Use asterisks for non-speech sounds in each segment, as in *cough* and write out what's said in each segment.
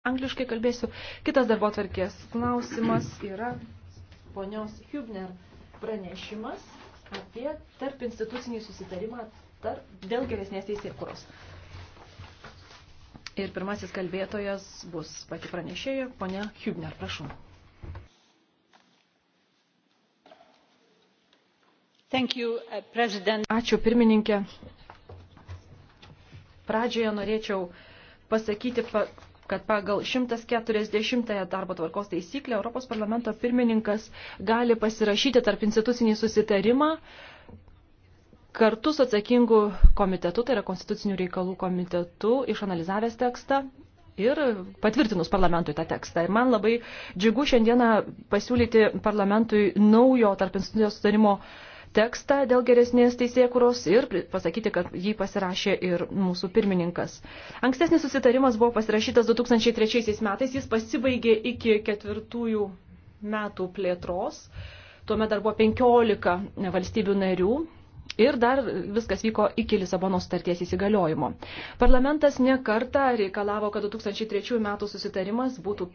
Angliškai kalbėsiu. Kitas darbo tvarkės klausimas yra ponios Hübner pranešimas apie tarp institucinį susitarimą tarp dėl geresnės teisėkuros. Ir pirmasis kalbėtojas bus pati pranešėja, ponia Hübner, prašau. Thank you, uh, President. Ačiū pirmininkė. Pradžioje norėčiau pasakyti, pa kad pagal 140 darbo tvarkos taisyklę Europos parlamento pirmininkas gali pasirašyti tarp institucinį susitarimą kartu su atsakingu komitetu, tai yra konstitucinių reikalų komitetu, išanalizavęs tekstą ir patvirtinus parlamentui tą tekstą. Ir man labai džiugu šiandieną pasiūlyti parlamentui naujo tarp institucijos sutarimo uh, tekstą dėl geresnės teisėkuros ir pasakyti, kad jį pasirašė ir mūsų pirmininkas. Ankstesnis susitarimas buvo pasirašytas 2003 metais, jis pasibaigė iki ketvirtųjų metų plėtros. Tuomet dar buvo 15 valstybių narių, Ir dar viskas vyko iki Lisabonos starties įsigaliojimo. Parlamentas nekarta reikalavo, kad 2003 metų susitarimas būtų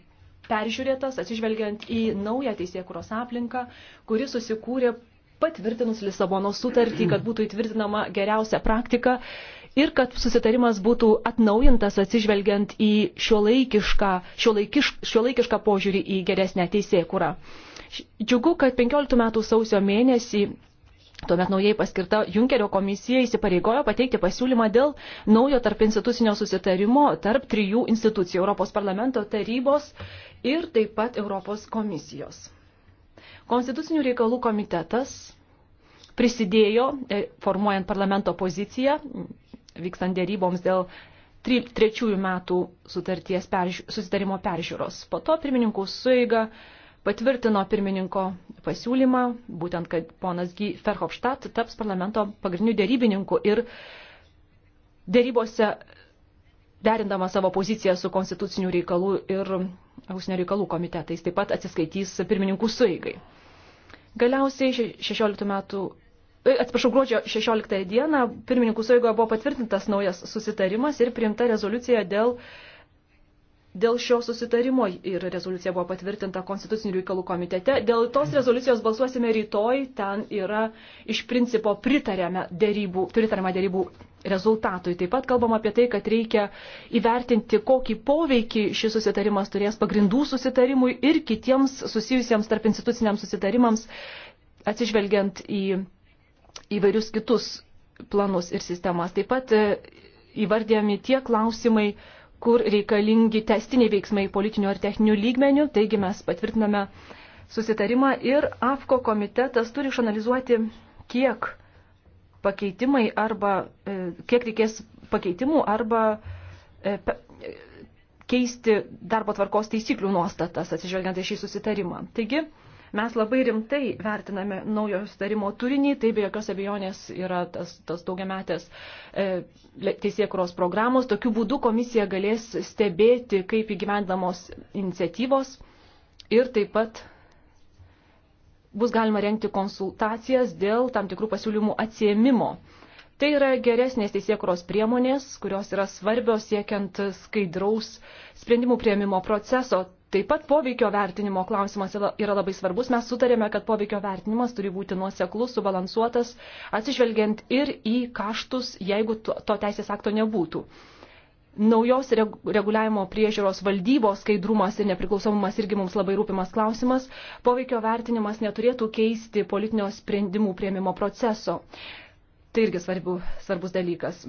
peržiūrėtas, atsižvelgiant į naują teisėkuros aplinką, kuri susikūrė patvirtinus Lisabono sutartį, kad būtų įtvirtinama geriausia praktika ir kad susitarimas būtų atnaujintas atsižvelgiant į šiuolaikišką, šiuolaikiš, šiuolaikišką požiūrį į geresnę teisėkurą. Džiugu, kad 15 metų sausio mėnesį Tuomet naujai paskirta Junkerio komisija įsipareigojo pateikti pasiūlymą dėl naujo tarp institucinio susitarimo tarp trijų institucijų – Europos parlamento tarybos ir taip pat Europos komisijos. Konstitucinių reikalų komitetas prisidėjo, e, formuojant parlamento poziciją, vykstant dėryboms dėl trečiųjų metų sutarties perž... susitarimo peržiūros. Po to pirmininkų suiga patvirtino pirmininko pasiūlymą, būtent, kad ponas G. Ferhofstadt taps parlamento pagrindiniu dėrybininku ir dėrybose derindama savo poziciją su konstitucinių reikalų ir ausinio reikalų komitetais. Taip pat atsiskaitys pirmininkų suigai. Galiausiai 16 metų. E, atsiprašau, gruodžio 16 dieną pirmininkų sueigoje buvo patvirtintas naujas susitarimas ir priimta rezoliucija dėl uh, Dėl šio susitarimo ir rezoliucija buvo patvirtinta Konstitucinių reikalų komitete. Dėl tos rezoliucijos balsuosime rytoj. Ten yra iš principo pritariama dėrybų, pritariama dėrybų rezultatui. Taip pat kalbam apie tai, kad reikia įvertinti, kokį poveikį šis susitarimas turės pagrindų susitarimui ir kitiems susijusiems tarp instituciniams susitarimams, atsižvelgiant į įvairius kitus planus ir sistemas. Taip pat e, įvardėjami tie klausimai, kur reikalingi testiniai veiksmai politinių ar techninių lygmenių, taigi mes patvirtiname susitarimą ir AFKO komitetas turi išanalizuoti, kiek pakeitimai arba e, kiek reikės pakeitimų arba e, keisti darbo tvarkos taisyklių nuostatas atsižvelgiant į šį susitarimą. Taigi, Mes labai rimtai vertiname naujo sutarimo turinį, tai be jokios abejonės yra tas, tas daugiametės e, teisėkuros programos. Tokiu būdu komisija galės stebėti, kaip įgyvendamos iniciatyvos ir taip pat bus galima renkti konsultacijas dėl tam tikrų pasiūlymų atsiemimo. Tai yra geresnės teisėkuros priemonės, kurios yra svarbios siekiant skaidraus sprendimų prieimimo proceso. Taip pat poveikio vertinimo klausimas yra labai svarbus. Mes sutarėme, kad poveikio vertinimas turi būti nuoseklus, subalansuotas, atsižvelgiant ir į kaštus, jeigu to, to teisės akto nebūtų. Naujos reguliavimo priežiūros valdybos skaidrumas ir nepriklausomumas irgi mums labai rūpimas klausimas. Poveikio vertinimas neturėtų keisti politinio sprendimų prieimimo proceso. Tai irgi svarbu, svarbus dalykas.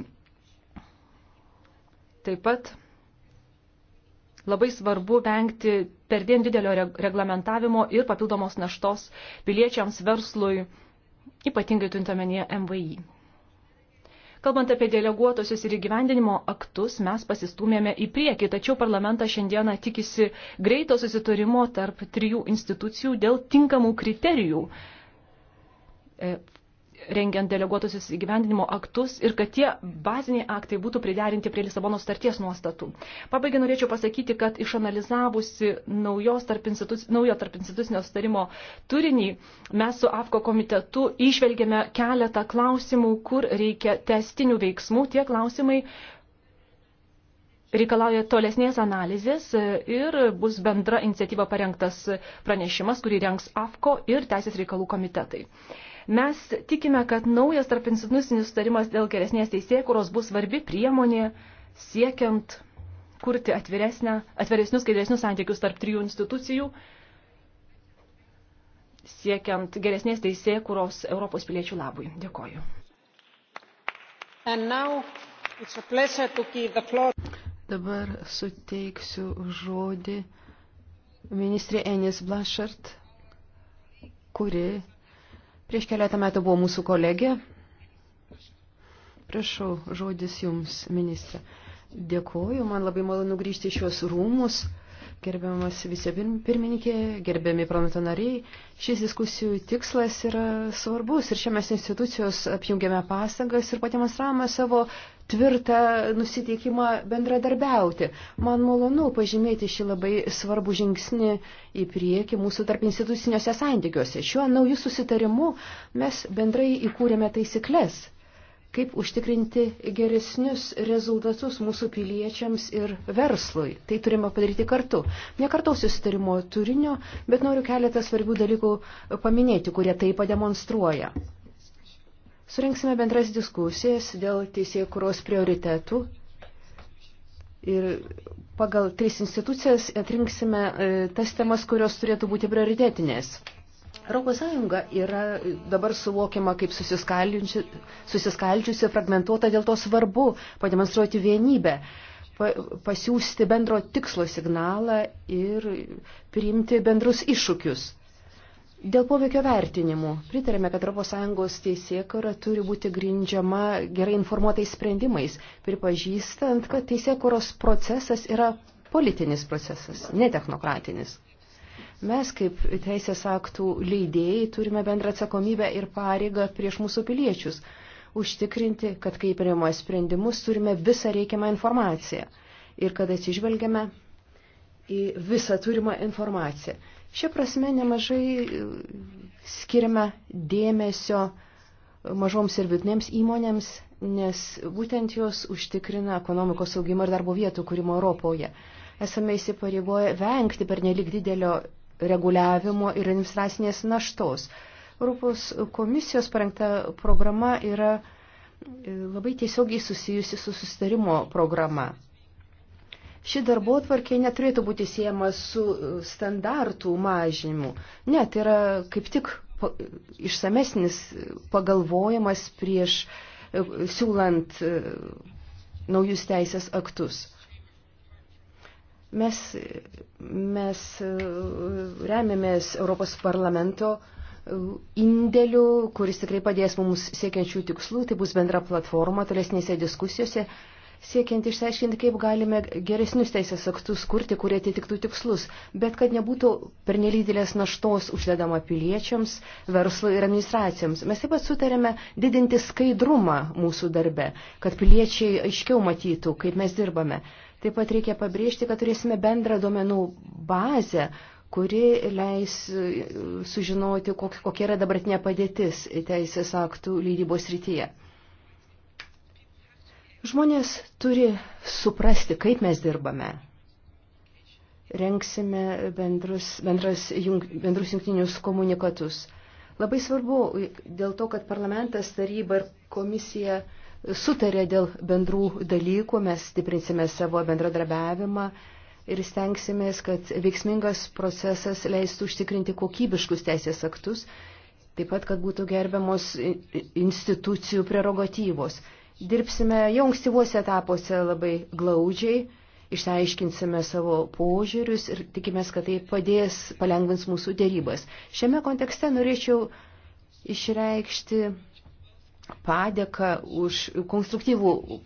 Taip pat labai svarbu vengti perdien didelio reglamentavimo ir papildomos naštos piliečiams verslui, ypatingai turintuomenyje MVI. Kalbant apie deleguotosius ir įgyvendinimo aktus, mes pasistumėme į priekį, tačiau parlamentas šiandieną tikisi greito susitarimo tarp trijų institucijų dėl tinkamų kriterijų e, rengiant deleguotusius įgyvendinimo aktus ir kad tie baziniai aktai būtų priderinti prie Lisabono starties nuostatų. Pabaigai norėčiau pasakyti, kad išanalizavusi tarp instituc... naujo tarp institucinio starimo turinį, mes su AFKO komitetu išvelgėme keletą klausimų, kur reikia testinių veiksmų. Tie klausimai reikalauja tolesnės analizės ir bus bendra iniciatyva parengtas pranešimas, kurį rengs AFKO ir Teisės reikalų komitetai. Mes tikime, kad naujas tarp institucinis sutarimas dėl geresnės teisėkuros bus svarbi priemonė siekiant kurti atviresnius, skaidresnius santykius tarp trijų institucijų, siekiant geresnės teisėkuros Europos piliečių labui. Dėkoju. Dabar suteiksiu žodį ministrė Enis Blašart, kuri Prieš keletą metų buvo mūsų kolegė. Prašau, žodis jums, ministrė. Dėkuoju, man labai malonu grįžti į šios rūmus gerbiamas vicepirmininkė, gerbiami parlamento nariai. Šis diskusijų tikslas yra svarbus ir čia mes institucijos apjungiame pastangas ir pademonstravome savo tvirtą nusiteikimą bendradarbiauti. Man malonu pažymėti šį labai svarbų žingsnį į priekį mūsų tarp instituciniuose santykiuose. Šiuo naujų susitarimu mes bendrai įkūrėme taisyklės kaip užtikrinti geresnius rezultatus mūsų piliečiams ir verslui. Tai turime padaryti kartu. Nekartausiu sutarimo turinio, bet noriu keletą svarbių dalykų paminėti, kurie tai pademonstruoja. Surinksime bendras diskusijas dėl teisėjų kuros prioritetų ir pagal tris institucijas atrinksime e, tas temas, kurios turėtų būti prioritetinės. Europos Sąjunga yra dabar suvokiama kaip susiskaldžiusi, fragmentuota, dėl to svarbu pademonstruoti vienybę, pasiūsti bendro tikslo signalą ir priimti bendrus iššūkius. Dėl poveikio vertinimų pritarėme, kad ES teisėkara turi būti grindžiama gerai informuotais sprendimais, pripažįstant, kad teisėkuros procesas yra politinis procesas, ne technokratinis. Mes kaip teisės aktų leidėjai turime bendrą atsakomybę ir pareigą prieš mūsų piliečius užtikrinti, kad kai priima sprendimus turime visą reikiamą informaciją ir kad atsižvelgiame į visą turimą informaciją. Šia prasme nemažai e, skiriame dėmesio mažoms ir vidinėms įmonėms, nes būtent jos užtikrina ekonomikos augimą ir darbo vietų kūrimo Europoje. Esame įsipareigoję vengti per nelik didelio reguliavimo ir administracinės naštos. Europos komisijos parengta programa yra e, labai tiesiogiai susijusi su susitarimo programa. Ši darbo tvarkė neturėtų būti siejama su e, standartų mažinimu. Ne, tai yra kaip tik išsamesnis e, pagalvojimas prieš siūlant naujus teisės aktus. Mes, mes e, remiamės Europos parlamento e, indėliu, kuris tikrai padės mums siekiančių tikslų. Tai bus bendra platforma tolesnėse diskusijose, siekiant išsiaiškinti, kaip galime geresnius teisės aktus kurti, kurie atitiktų tikslus, bet kad nebūtų pernelydelės naštos uždedama piliečiams, verslui ir administracijoms. Mes taip pat sutarėme didinti skaidrumą mūsų darbe, kad piliečiai aiškiau matytų, kaip mes dirbame. Taip pat reikia pabrėžti, kad turėsime bendrą duomenų bazę, kuri leis e, sužinoti, kokia yra dabartinė padėtis teisės aktų leidybos rytyje. Žmonės turi suprasti, kaip mes dirbame. Renksime bendrus, bendras, jung, bendrus jungtinius komunikatus. Labai svarbu dėl to, kad parlamentas, taryba ir komisija sutarė dėl bendrų dalykų, mes stiprinsime savo bendradarbiavimą ir stengsimės, kad veiksmingas procesas leistų užtikrinti kokybiškus teisės aktus, taip pat, kad būtų gerbiamos institucijų prerogatyvos. Dirbsime jau ankstyvuose etapuose labai glaudžiai, išsiaiškinsime savo požiūrius ir tikimės, kad tai padės palengvins mūsų dėrybas. Šiame kontekste norėčiau išreikšti padėką už konstruktyvų e,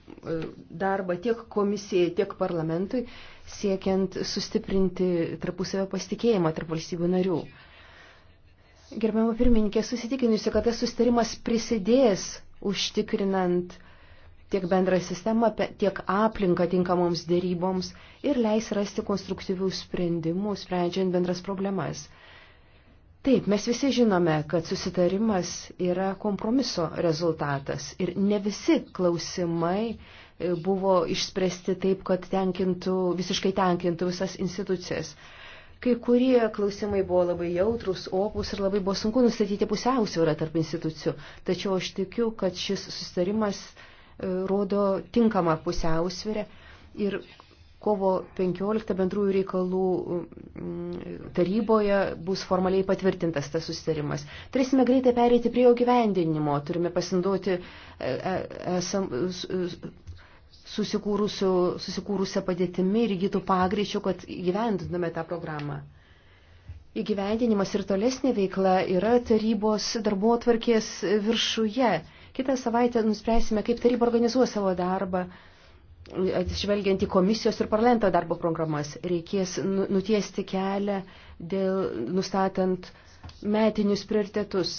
darbą tiek komisijai, tiek parlamentui, siekiant sustiprinti tarpusavio pasitikėjimą tarp valstybių narių. Gerbiamo pirmininkė, susitikinusi, kad tas sustarimas prisidės užtikrinant tiek bendrą sistemą, tiek aplinką tinkamoms dėryboms ir leis rasti konstruktyvių sprendimų, sprendžiant bendras problemas. Taip, mes visi žinome, kad susitarimas yra kompromiso rezultatas ir ne visi klausimai e, buvo išspręsti taip, kad tenkintų, visiškai tenkintų visas institucijas. Kai kurie klausimai buvo labai jautrus, opus ir labai buvo sunku nustatyti pusiausvyrą tarp institucijų. Tačiau aš tikiu, kad šis susitarimas e, rodo tinkamą pusiausvyrę ir Kovo 15 bendrųjų reikalų mm, taryboje bus formaliai patvirtintas tas susitarimas. Turėsime greitai pereiti prie jo gyvendinimo, turime pasinduoti e, e, esam, susikūrusią padėtimi ir įgytų pagreičių, kad gyvendiname tą programą. Įgyvendinimas ir tolesnė veikla yra tarybos darbuotvarkės viršuje. Kitą savaitę nuspręsime, kaip taryba organizuos savo darbą atsižvelgiant į komisijos ir parlamento darbo programas, reikės nu, nutiesti kelią dėl nustatant metinius prioritetus.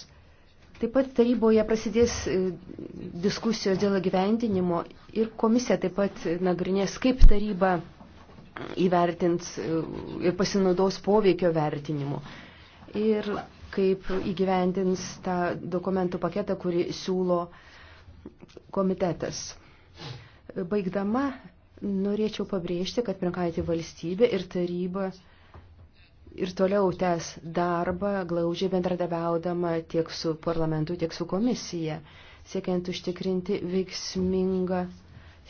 Taip pat taryboje prasidės e, diskusijos dėl gyvendinimo ir komisija taip pat nagrinės, kaip taryba įvertins e, ir pasinaudos poveikio vertinimu. Ir kaip įgyvendins tą dokumentų paketą, kurį siūlo komitetas. Baigdama, norėčiau pabrėžti, kad pirmkaitė valstybė ir taryba ir toliau tęs darbą, glaudžiai bendradabiaudama tiek su parlamentu, tiek su komisija, siekiant užtikrinti veiksmingą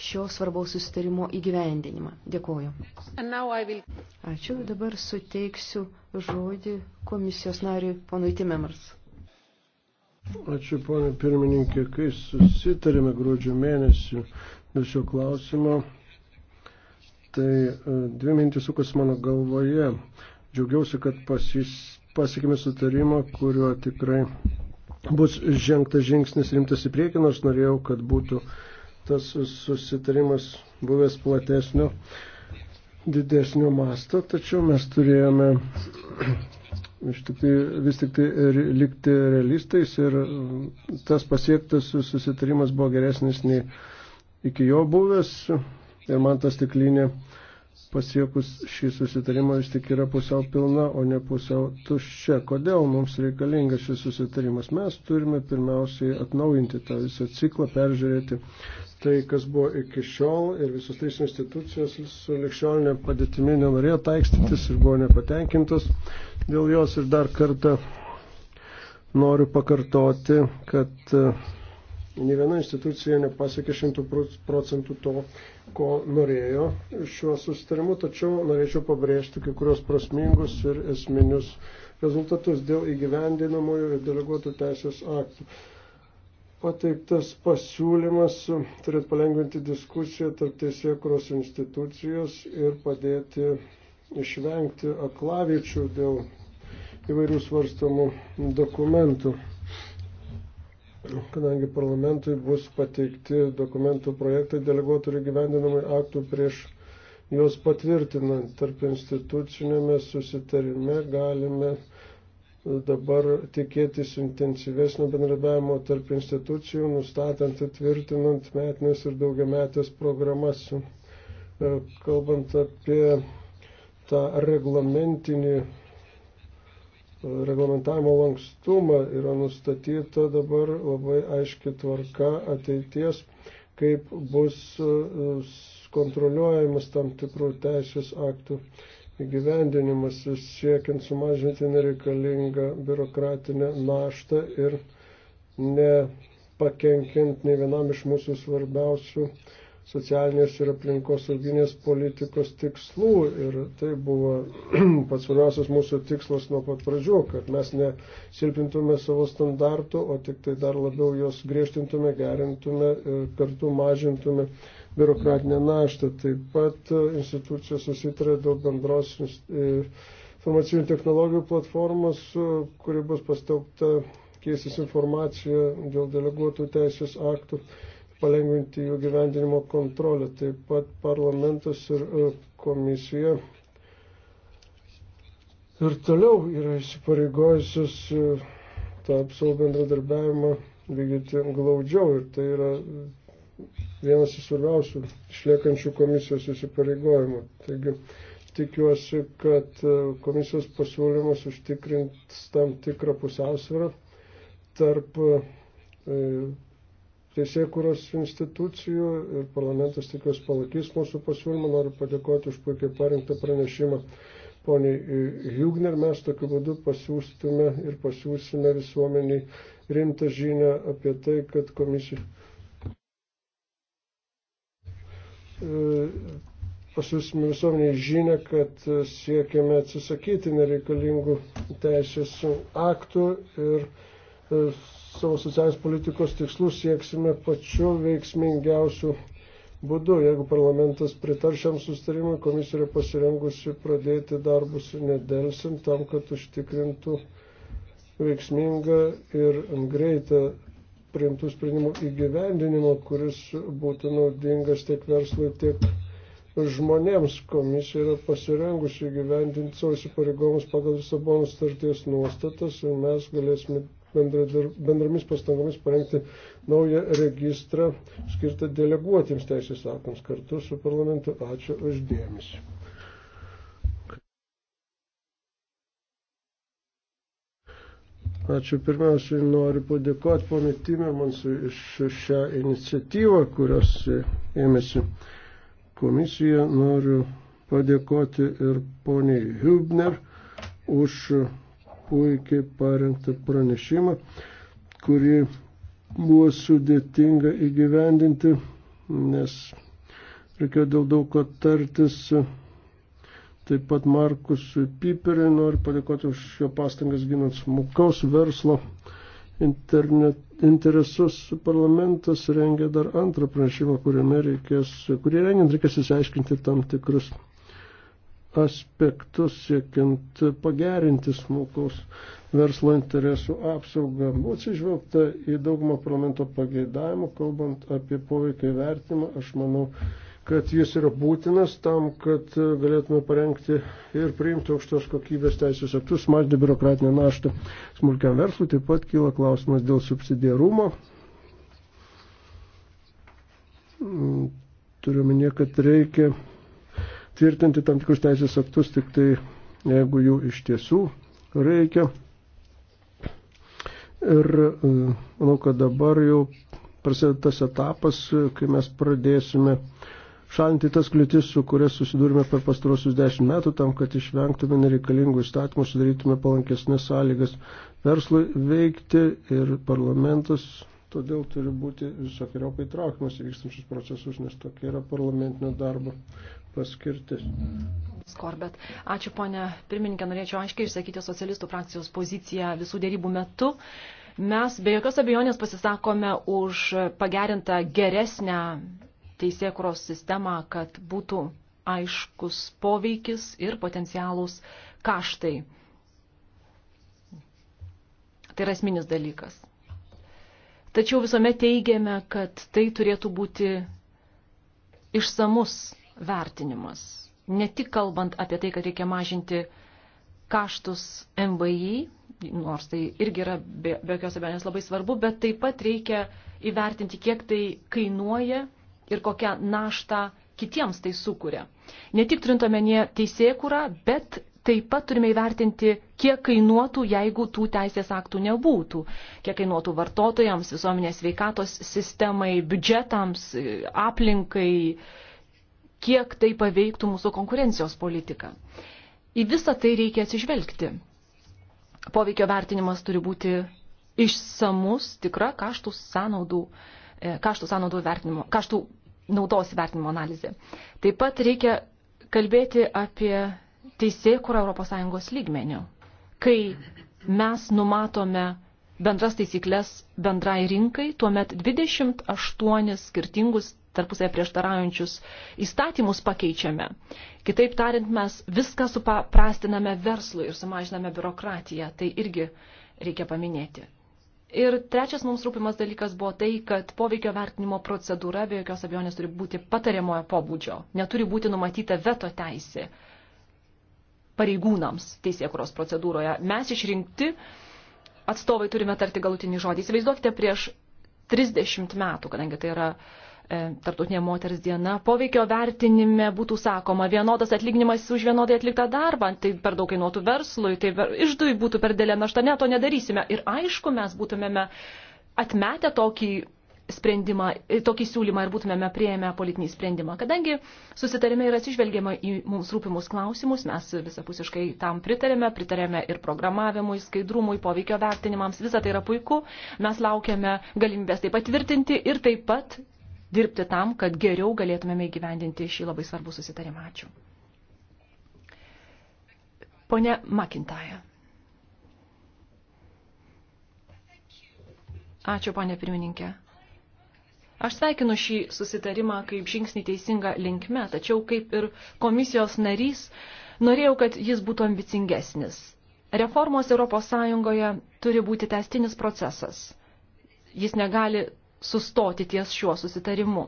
šio svarbaus sustarimo įgyvendinimą. Dėkuoju. Will... Ačiū. Dabar suteiksiu žodį komisijos nariui ponui Timemars. Ačiū, ponė pirmininkė. Kai susitarėme gruodžio mėnesį dėl šio klausimo, tai e, dvi mintis sukas mano galvoje. Džiaugiausi, kad pasis, pasiekime sutarimą, kuriuo tikrai bus žengtas žingsnis rimtas į priekį, nors norėjau, kad būtų tas susitarimas buvęs platesnio, didesnio masto, tačiau mes turėjome vis *clears throat* tik tai, vis tik tai likti realistais ir tas pasiektas susitarimas buvo geresnis nei iki jo buvęs ir man ta stiklinė pasiekus šį susitarimą vis tik yra pusiau pilna, o ne pusiau tuščia. Kodėl mums reikalingas šis susitarimas? Mes turime pirmiausiai atnaujinti tą visą ciklą, peržiūrėti tai, kas buvo iki šiol ir visos trys institucijos su likščiolinė padėtimi nenorėjo taikstytis ir buvo nepatenkintos dėl jos ir dar kartą noriu pakartoti, kad Ne viena institucija nepasiekė šimtų procentų to, ko norėjo šiuo sustarimu, tačiau norėčiau pabrėžti kai kurios prasmingus ir esminius rezultatus dėl įgyvendinamojo ir deleguotų teisės aktų pateiktas pasiūlymas turėtų palengventi diskusiją tarp teisėkros institucijos ir padėti išvengti aklavyčių dėl įvairių svarstamų dokumentų kadangi parlamentui bus pateikti dokumentų projektai deleguotų ir gyvendinamai aktų prieš juos patvirtinant tarp institucinėme susitarime galime dabar tikėtis intensyvesnio bendradarbiavimo tarp institucijų, nustatant ir tvirtinant metinės ir daugiametės programas. E, kalbant apie tą reglamentinį reglamentavimo lankstumą yra nustatyta dabar labai aiški tvarka ateities, kaip bus e, kontroliuojamas tam tikrų teisės aktų įgyvendinimas, siekiant sumažinti nereikalingą biurokratinę naštą ir nepakenkiant nei vienam iš mūsų svarbiausių socialinės ir aplinkos sauginės politikos tikslų. Ir tai buvo *clears throat* pats svarbiausias mūsų tikslas nuo pat pradžių, kad mes nesilpintume savo standartų, o tik tai dar labiau jos griežtintume, gerintume ir e, kartu mažintume biurokratinę naštą. Taip pat e, institucijos susitarė dėl bendros e, informacinių technologijų platformos, kuri bus pastaukta keistis informaciją dėl deleguotų teisės aktų palengvinti jų gyvendinimo kontrolę. Taip pat parlamentas ir e, komisija ir toliau yra įsipareigojusios e, tą savo bendradarbiavimą vykdyti glaudžiau ir tai yra vienas iš svarbiausių išliekančių komisijos įsipareigojimų. Taigi tikiuosi, kad e, komisijos pasiūlymas užtikrins tam tikrą pusiausvyrą tarp e, teisėkuros institucijų ir parlamentas tikiuosi palakys mūsų pasiūlymą. Noriu padėkoti už puikiai parinktą pranešimą. Poniai Jugner, mes tokiu būdu pasiūstume ir pasiūsime visuomeniai rimtą žinę apie tai, kad komisija e, pasiūsime visuomeniai žinę, kad siekiame atsisakyti nereikalingų teisės aktų ir e, savo socialinės politikos tikslus sieksime pačiu veiksmingiausiu būdu. Jeigu parlamentas pritar šiam sustarimui, komisija yra pasirengusi pradėti darbus nedelsint tam, kad užtikrintų veiksmingą ir greitą priimtų sprendimų įgyvendinimą, kuris būtų naudingas tiek verslui, tiek žmonėms. Komisija yra pasirengusi įgyvendinti savo įsipareigomus pagal Lisabonos starties nuostatas ir mes galėsime bendromis pastangomis parengti naują registrą skirtą deleguotiems teisės aktams kartu su parlamentu. Ačiū uždėmesi. Ačiū pirmiausiai noriu padėkoti ponui Timemansui iš šią iniciatyvą, kurios ėmėsi komisija. Noriu padėkoti ir poniai Hübner už puikiai parengtą pranešimą, kurį buvo sudėtinga įgyvendinti, nes reikėjo dėl daug ko tartis. Taip pat Markus Piperiai noriu padėkoti už jo pastangas ginant smukaus verslo internet, interesus. Parlamentas rengia dar antrą pranešimą, kuriame reikės, kurį rengiant reikės įsiaiškinti tam tikrus aspektus siekiant pagerinti smulkaus verslo interesų apsaugą. Buvo atsižvelgta į daugumą parlamento pageidavimų, kalbant apie poveikio įvertimą. Aš manau, kad jis yra būtinas tam, kad galėtume parengti ir priimti aukštos kokybės teisės aktus, mažinti biurokratinę naštą smulkiam verslui. Taip pat kyla klausimas dėl subsidiarumo. Mm, turiu minė, kad reikia tvirtinti tam tikrus teisės aktus, tik tai jeigu jų iš tiesų reikia. Ir e, manau, kad dabar jau prasideda tas etapas, kai mes pradėsime šalinti tas kliūtis, su kurias susidūrime per pastarosius dešimt metų, tam, kad išvengtume nereikalingų įstatymų, sudarytume palankesnės sąlygas verslui veikti ir parlamentas todėl turi būti visokiojopai traukimas į vykstančius procesus, nes tokia yra parlamentinio darbo paskirtis. Skorbet. Ačiū, ponė pirmininkė. Norėčiau aiškiai išsakyti socialistų frakcijos poziciją visų dėrybų metu. Mes be jokios abejonės pasisakome už pagerintą geresnę teisėkuros sistemą, kad būtų aiškus poveikis ir potencialūs kaštai. Tai yra esminis dalykas. Tačiau visuomet teigiame, kad tai turėtų būti išsamus vertinimas. Ne tik kalbant apie tai, kad reikia mažinti kaštus MVI, nors tai irgi yra be, be jokios abejonės labai svarbu, bet taip pat reikia įvertinti, kiek tai kainuoja ir kokią naštą kitiems tai sukuria. Ne tik turint omenyje teisėkurą, bet taip pat turime įvertinti, kiek kainuotų, jeigu tų teisės aktų nebūtų, kiek kainuotų vartotojams, visuomenės veikatos sistemai, biudžetams, aplinkai, kiek tai paveiktų mūsų konkurencijos politiką. Į visą tai reikia atsižvelgti. Poveikio vertinimas turi būti išsamus, tikra kaštų sąnaudų, e, kaštų sąnaudų vertinimo, kaštų naudos vertinimo analizė. Taip pat reikia kalbėti apie teisėkurą ES lygmenių, kai mes numatome bendras taisyklės bendrai rinkai, tuomet 28 skirtingus tarpusai prieštaraujančius įstatymus pakeičiame. Kitaip tariant, mes viską suprastiname verslui ir sumažiname biurokratiją. Tai irgi reikia paminėti. Ir trečias mums rūpimas dalykas buvo tai, kad poveikio vertinimo procedūra be jokios abejonės turi būti patariamojo pobūdžio. Neturi būti numatyta veto teisė pareigūnams teisėkuros procedūroje. Mes išrinkti atstovai turime tarti galutinį žodį. Įsivaizduokite prieš 30 metų, kadangi tai yra uh, E, Tartutinė moters diena, poveikio vertinime būtų sakoma, vienodas atlyginimas už vienodai atliktą darbą, tai per daug kainuotų verslui, tai išdui būtų per dėlė našta, ne, to nedarysime. Ir aišku, mes būtumėme atmetę tokį sprendimą, e, tokį siūlymą ir būtumėme prieėmę politinį sprendimą. Kadangi susitarime yra atsižvelgiama į mums rūpimus klausimus, mes visapusiškai tam pritarėme, pritarėme ir programavimui, skaidrumui, poveikio vertinimams, visa tai yra puiku, mes laukiame galimybės tai patvirtinti ir taip pat dirbti tam, kad geriau galėtumėme įgyvendinti šį labai svarbų susitarimą. Ačiū. Pone Makintaja. Ačiū, ponė pirmininkė. Aš sveikinu šį susitarimą kaip žingsnį teisinga linkme, tačiau kaip ir komisijos narys, norėjau, kad jis būtų ambicingesnis. Reformos ES turi būti testinis procesas. Jis negali sustoti ties šiuo susitarimu.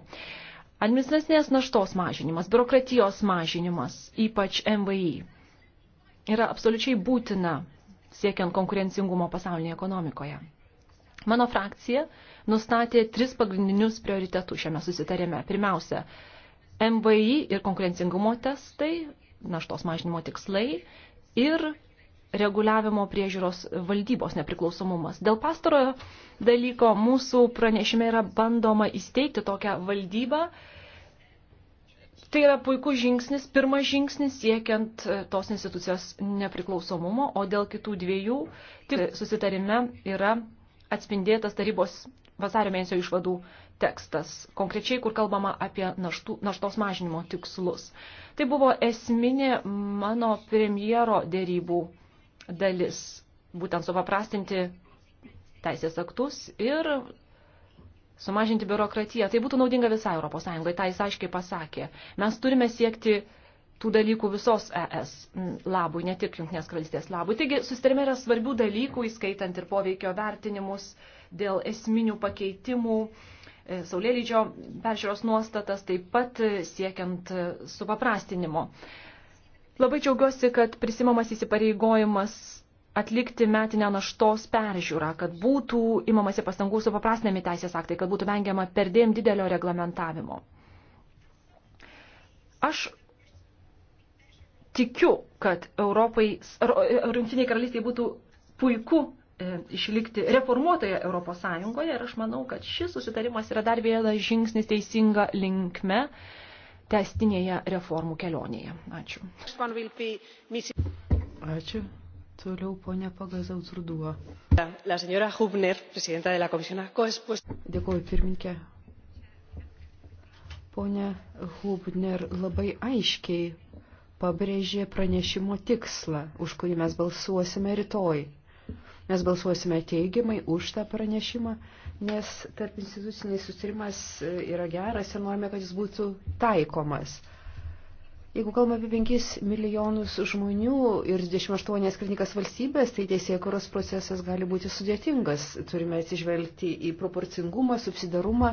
Administracinės naštos mažinimas, biurokratijos mažinimas, ypač MVI, yra absoliučiai būtina siekiant konkurencingumo pasaulinėje ekonomikoje. Mano frakcija nustatė tris pagrindinius prioritetus šiame susitarime. Pirmiausia, MVI ir konkurencingumo testai, naštos mažinimo tikslai ir reguliavimo priežiūros valdybos nepriklausomumas. Dėl pastarojo dalyko mūsų pranešime yra bandoma įsteigti tokią valdybą. Tai yra puikus žingsnis, pirmas žingsnis siekiant e, tos institucijos nepriklausomumo, o dėl kitų dviejų tai susitarime yra atspindėtas tarybos vasario mėnesio išvadų tekstas, konkrečiai kur kalbama apie naštų, naštos mažinimo tikslus. Tai buvo esminė mano premjero dėrybų dalis, būtent supaprastinti teisės aktus ir sumažinti biurokratiją. Tai būtų naudinga visai Europos Sąjungai, tai jis aiškiai pasakė. Mes turime siekti tų dalykų visos ES labui, ne tik Junktinės karalystės labui. Taigi susitarime yra svarbių dalykų, įskaitant ir poveikio vertinimus dėl esminių pakeitimų, e, saulėlydžio peržiūros nuostatas, taip pat siekiant supaprastinimo. Labai džiaugiuosi, kad prisimamas įsipareigojimas atlikti metinę naštos peržiūrą, kad būtų imamasi pastangų su paprastinami teisės aktai, kad būtų vengiama perdėm didelio reglamentavimo. Aš tikiu, kad Europai, Junktiniai karalystiai būtų puiku e, išlikti reformuotoje Europos Sąjungoje ir aš manau, kad šis susitarimas yra dar vienas žingsnis teisinga linkme. Uh, testinėje reformų kelionėje. Ačiū. Ačiū. Toliau ponia Pagazau Curduo. Dėkuoju pirminkė. Pone Hubner labai aiškiai pabrėžė pranešimo tikslą, už kurį mes balsuosime rytoj. Mes balsuosime teigiamai už tą pranešimą, nes tarp instituciniai susirimas e, yra geras ir norime, kad jis būtų taikomas. Jeigu kalbame apie 5 milijonus žmonių ir 28 skirtingas valstybės, tai teisėkuros procesas gali būti sudėtingas. Turime atsižvelgti į proporcingumą, subsidarumą,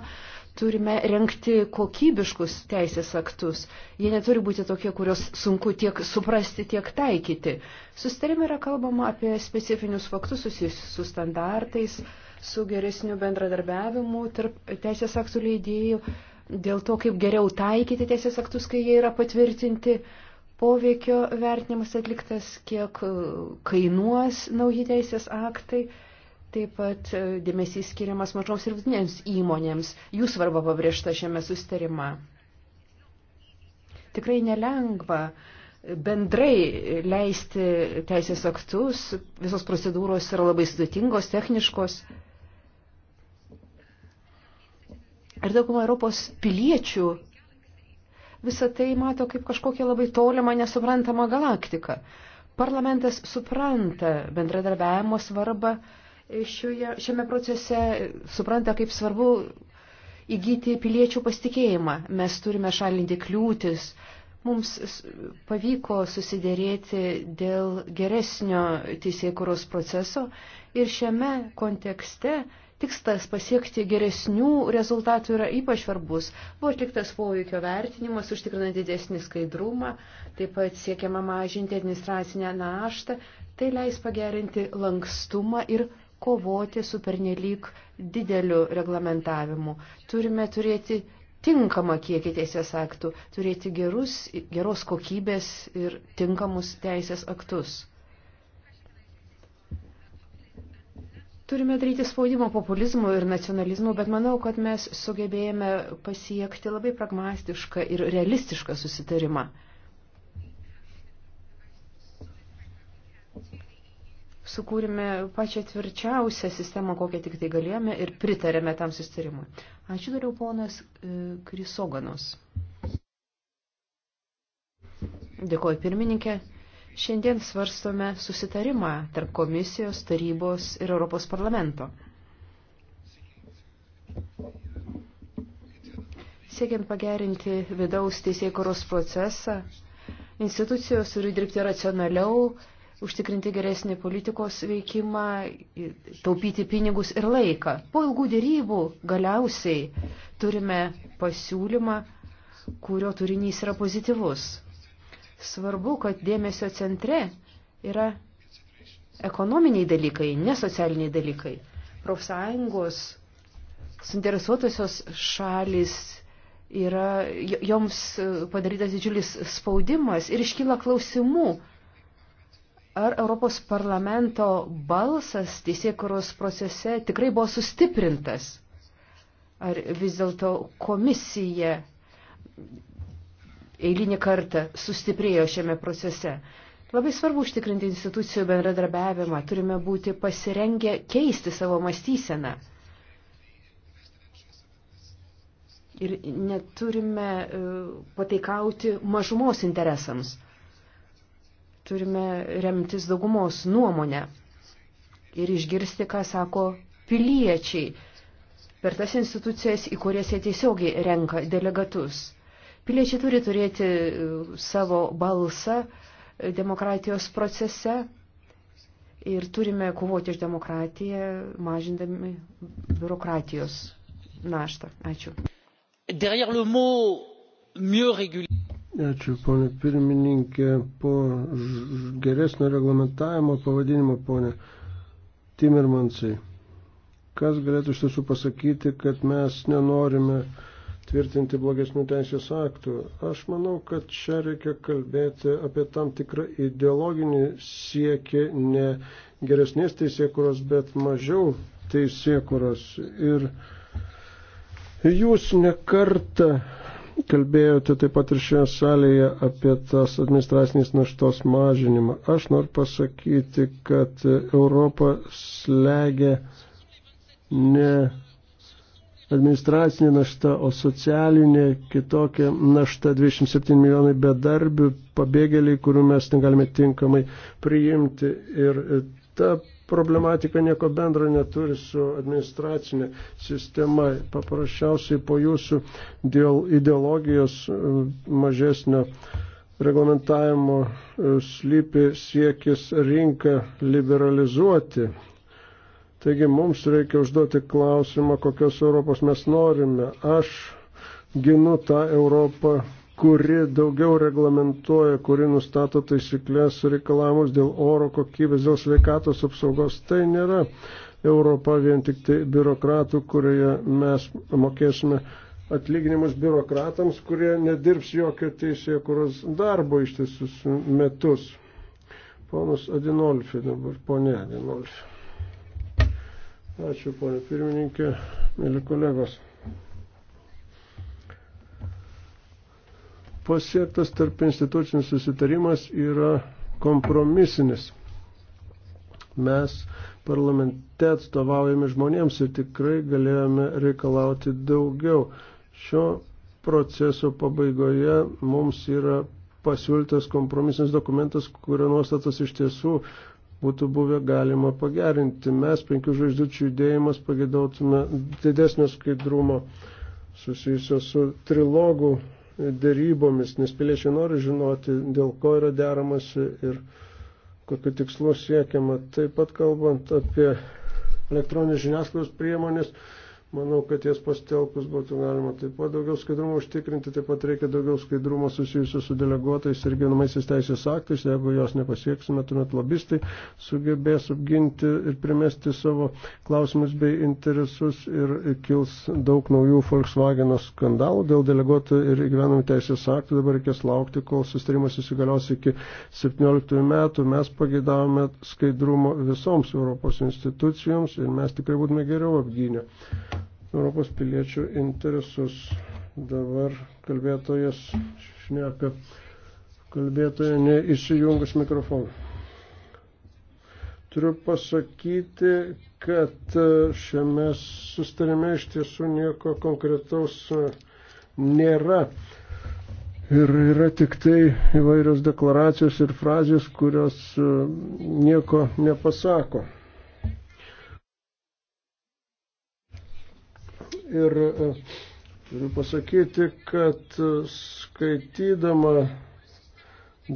turime renkti kokybiškus teisės aktus. Jie neturi būti tokie, kurios sunku tiek suprasti, tiek taikyti. Sustarime yra kalbama apie specifinius faktus susijusius su standartais, su geresniu bendradarbiavimu tarp teisės aktų leidėjų dėl to, kaip geriau taikyti teisės aktus, kai jie yra patvirtinti, poveikio vertinimas atliktas, kiek e, kainuos nauji teisės aktai. Taip pat e, dėmesys skiriamas mažoms ir vidinėms įmonėms. Jų svarba pabrėžta šiame susterima. Tikrai nelengva bendrai leisti teisės aktus, visos procedūros yra labai sudėtingos, techniškos. ir dauguma Europos piliečių visą tai mato kaip kažkokią labai tolimą nesuprantamą galaktiką. Parlamentas supranta bendradarbiavimo svarbą šioje, šiame procese, supranta kaip svarbu įgyti piliečių pasitikėjimą. Mes turime šalinti kliūtis. Mums pavyko susidėrėti dėl geresnio teisėkuros proceso ir šiame kontekste tikslas pasiekti geresnių rezultatų yra ypač svarbus. Buvo atliktas poveikio vertinimas, užtikrinant didesnį skaidrumą, taip pat siekiama mažinti administracinę naštą, tai leis pagerinti lankstumą ir kovoti su pernelyg dideliu reglamentavimu. Turime turėti tinkamą kiekį teisės aktų, turėti gerus, geros kokybės ir tinkamus teisės aktus. Turime daryti spaudimą populizmu ir nacionalizmu, bet manau, kad mes sugebėjome pasiekti labai pragmatišką ir realistišką susitarimą. Sukūrėme pačią tvirčiausią sistemą, kokią tik tai galėjome ir pritarėme tam susitarimui. Ačiū dariau ponas e, Krisoganos. Dėkuoju pirmininkė. Šiandien svarstome susitarimą tarp komisijos, tarybos ir Europos parlamento. Siekiant pagerinti vidaus teisėkoros procesą, institucijos turi dirbti racionaliau, užtikrinti geresnį politikos veikimą, taupyti pinigus ir laiką. Po ilgų dėrybų galiausiai turime pasiūlymą, kurio turinys yra pozityvus. Svarbu, kad dėmesio centre yra ekonominiai dalykai, ne socialiniai dalykai. Profsąjungos, suinteresuotosios šalis yra, joms padarytas didžiulis spaudimas ir iškyla klausimų, ar Europos parlamento balsas teisėkuros procese tikrai buvo sustiprintas, ar vis dėlto komisija eilinį kartą sustiprėjo šiame procese. Labai svarbu užtikrinti institucijų bendradarbiavimą, turime būti pasirengę keisti savo mąstyseną. Ir neturime e, pateikauti mažumos interesams. Turime remtis daugumos nuomonę ir išgirsti, ką sako piliečiai per tas institucijas, į kurias jie tiesiogiai renka delegatus. Piliečiai turi turėti e, savo balsą e, demokratijos procese ir turime kovoti iš demokratiją, mažindami biurokratijos naštą. Ačiū. Ačiū, ponė pirmininkė, po geresnio reglamentavimo pavadinimo, ponė Timirmansai. Kas galėtų iš tiesų pasakyti, kad mes nenorime uh, tvirtinti blogesnių teisės aktų. Aš manau, kad čia reikia kalbėti apie tam tikrą ideologinį siekį ne geresnės teisėkuros, bet mažiau teisėkuros. Ir jūs nekartą kalbėjote taip pat ir šioje salėje apie tas administracinės naštos mažinimą. Aš noriu pasakyti, kad Europą slegia ne administracinė našta, o socialinė kitokia našta 27 milijonai bedarbių, pabėgėliai, kurių mes negalime tinkamai priimti. Ir e, ta problematika nieko bendro neturi su administracinė sistema. Paprasčiausiai po jūsų dėl ideologijos e, mažesnio reglamentavimo e, slypi siekis rinką liberalizuoti Taigi mums reikia užduoti klausimą, kokios Europos mes norime. Aš ginu tą Europą, kuri daugiau reglamentuoja, kuri nustato taisyklės reikalavimus dėl oro kokybės, dėl sveikatos apsaugos. Tai nėra Europa vien tik tai biurokratų, kurioje mes mokėsime atlyginimus biurokratams, kurie nedirbs jokio teisėjo, kurios darbo ištisus metus. Ponas Adinolfi dabar, ponė Adinolfi. Ačiū, ponė pirmininkė, mėly kolegos. Pasiektas tarp institucinis susitarimas yra kompromisinis. Mes parlamente atstovaujame žmonėms ir tikrai galėjome reikalauti daugiau. Šio proceso pabaigoje mums yra pasiūlytas kompromisinis dokumentas, kurio nuostatas iš tiesų būtų buvę galima pagerinti. Mes, penkių žvaigždučių judėjimas, pagėdautume didesnio skaidrumo susijusio su trilogų dėrybomis, nes piliečiai nori žinoti, dėl ko yra deramasi ir kokiu tikslu siekiama. Taip pat kalbant apie elektroninės žiniasklaidos priemonės, Manau, kad jas pastelkus būtų galima taip pat daugiau skaidrumo užtikrinti, taip pat reikia daugiau skaidrumo susijusiu su deleguotais ir ginamaisiais teisės aktais. Jeigu jos nepasieksime, tuomet lobistai sugebės apginti ir primesti savo klausimus bei interesus ir kils daug naujų Volkswagen skandalų. Dėl deleguotų ir gyvenamų teisės aktų dabar reikės laukti, kol sustarimas įsigalios iki 17 metų. Mes pageidavome skaidrumo visoms Europos institucijoms ir mes tikrai būtume geriau apgynę. Europos piliečių interesus. Dabar kalbėtojas šneka, kalbėtoja neįsijungus mikrofoną. Turiu pasakyti, kad šiame sustarime iš tiesų nieko konkretaus nėra. Ir yra tik tai įvairios deklaracijos ir frazės, kurios e, nieko nepasako. Ir e, turiu pasakyti, kad skaitydama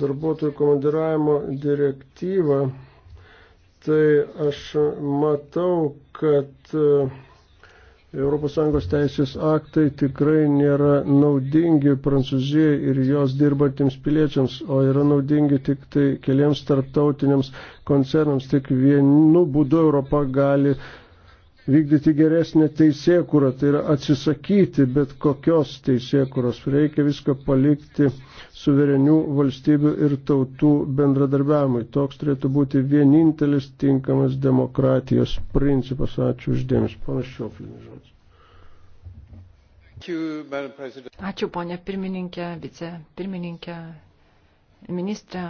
darbuotojų komandiravimo direktyvą, tai aš matau, kad ES teisės aktai tikrai nėra naudingi Prancūzijai ir jos dirbantiems piliečiams, o yra naudingi tik tai keliams tarptautiniams koncernams. Tik vienu būdu Europa gali vykdyti geresnę teisėkurą, tai yra atsisakyti bet kokios teisėkuros. Reikia viską palikti suverenių valstybių ir tautų bendradarbiavimui. Toks turėtų būti vienintelis tinkamas demokratijos principas. Ačiū uždėmesi. Panašiau, Flinžodis. Ačiū, ponė pirmininkė, vicepirmininkė, ministrė.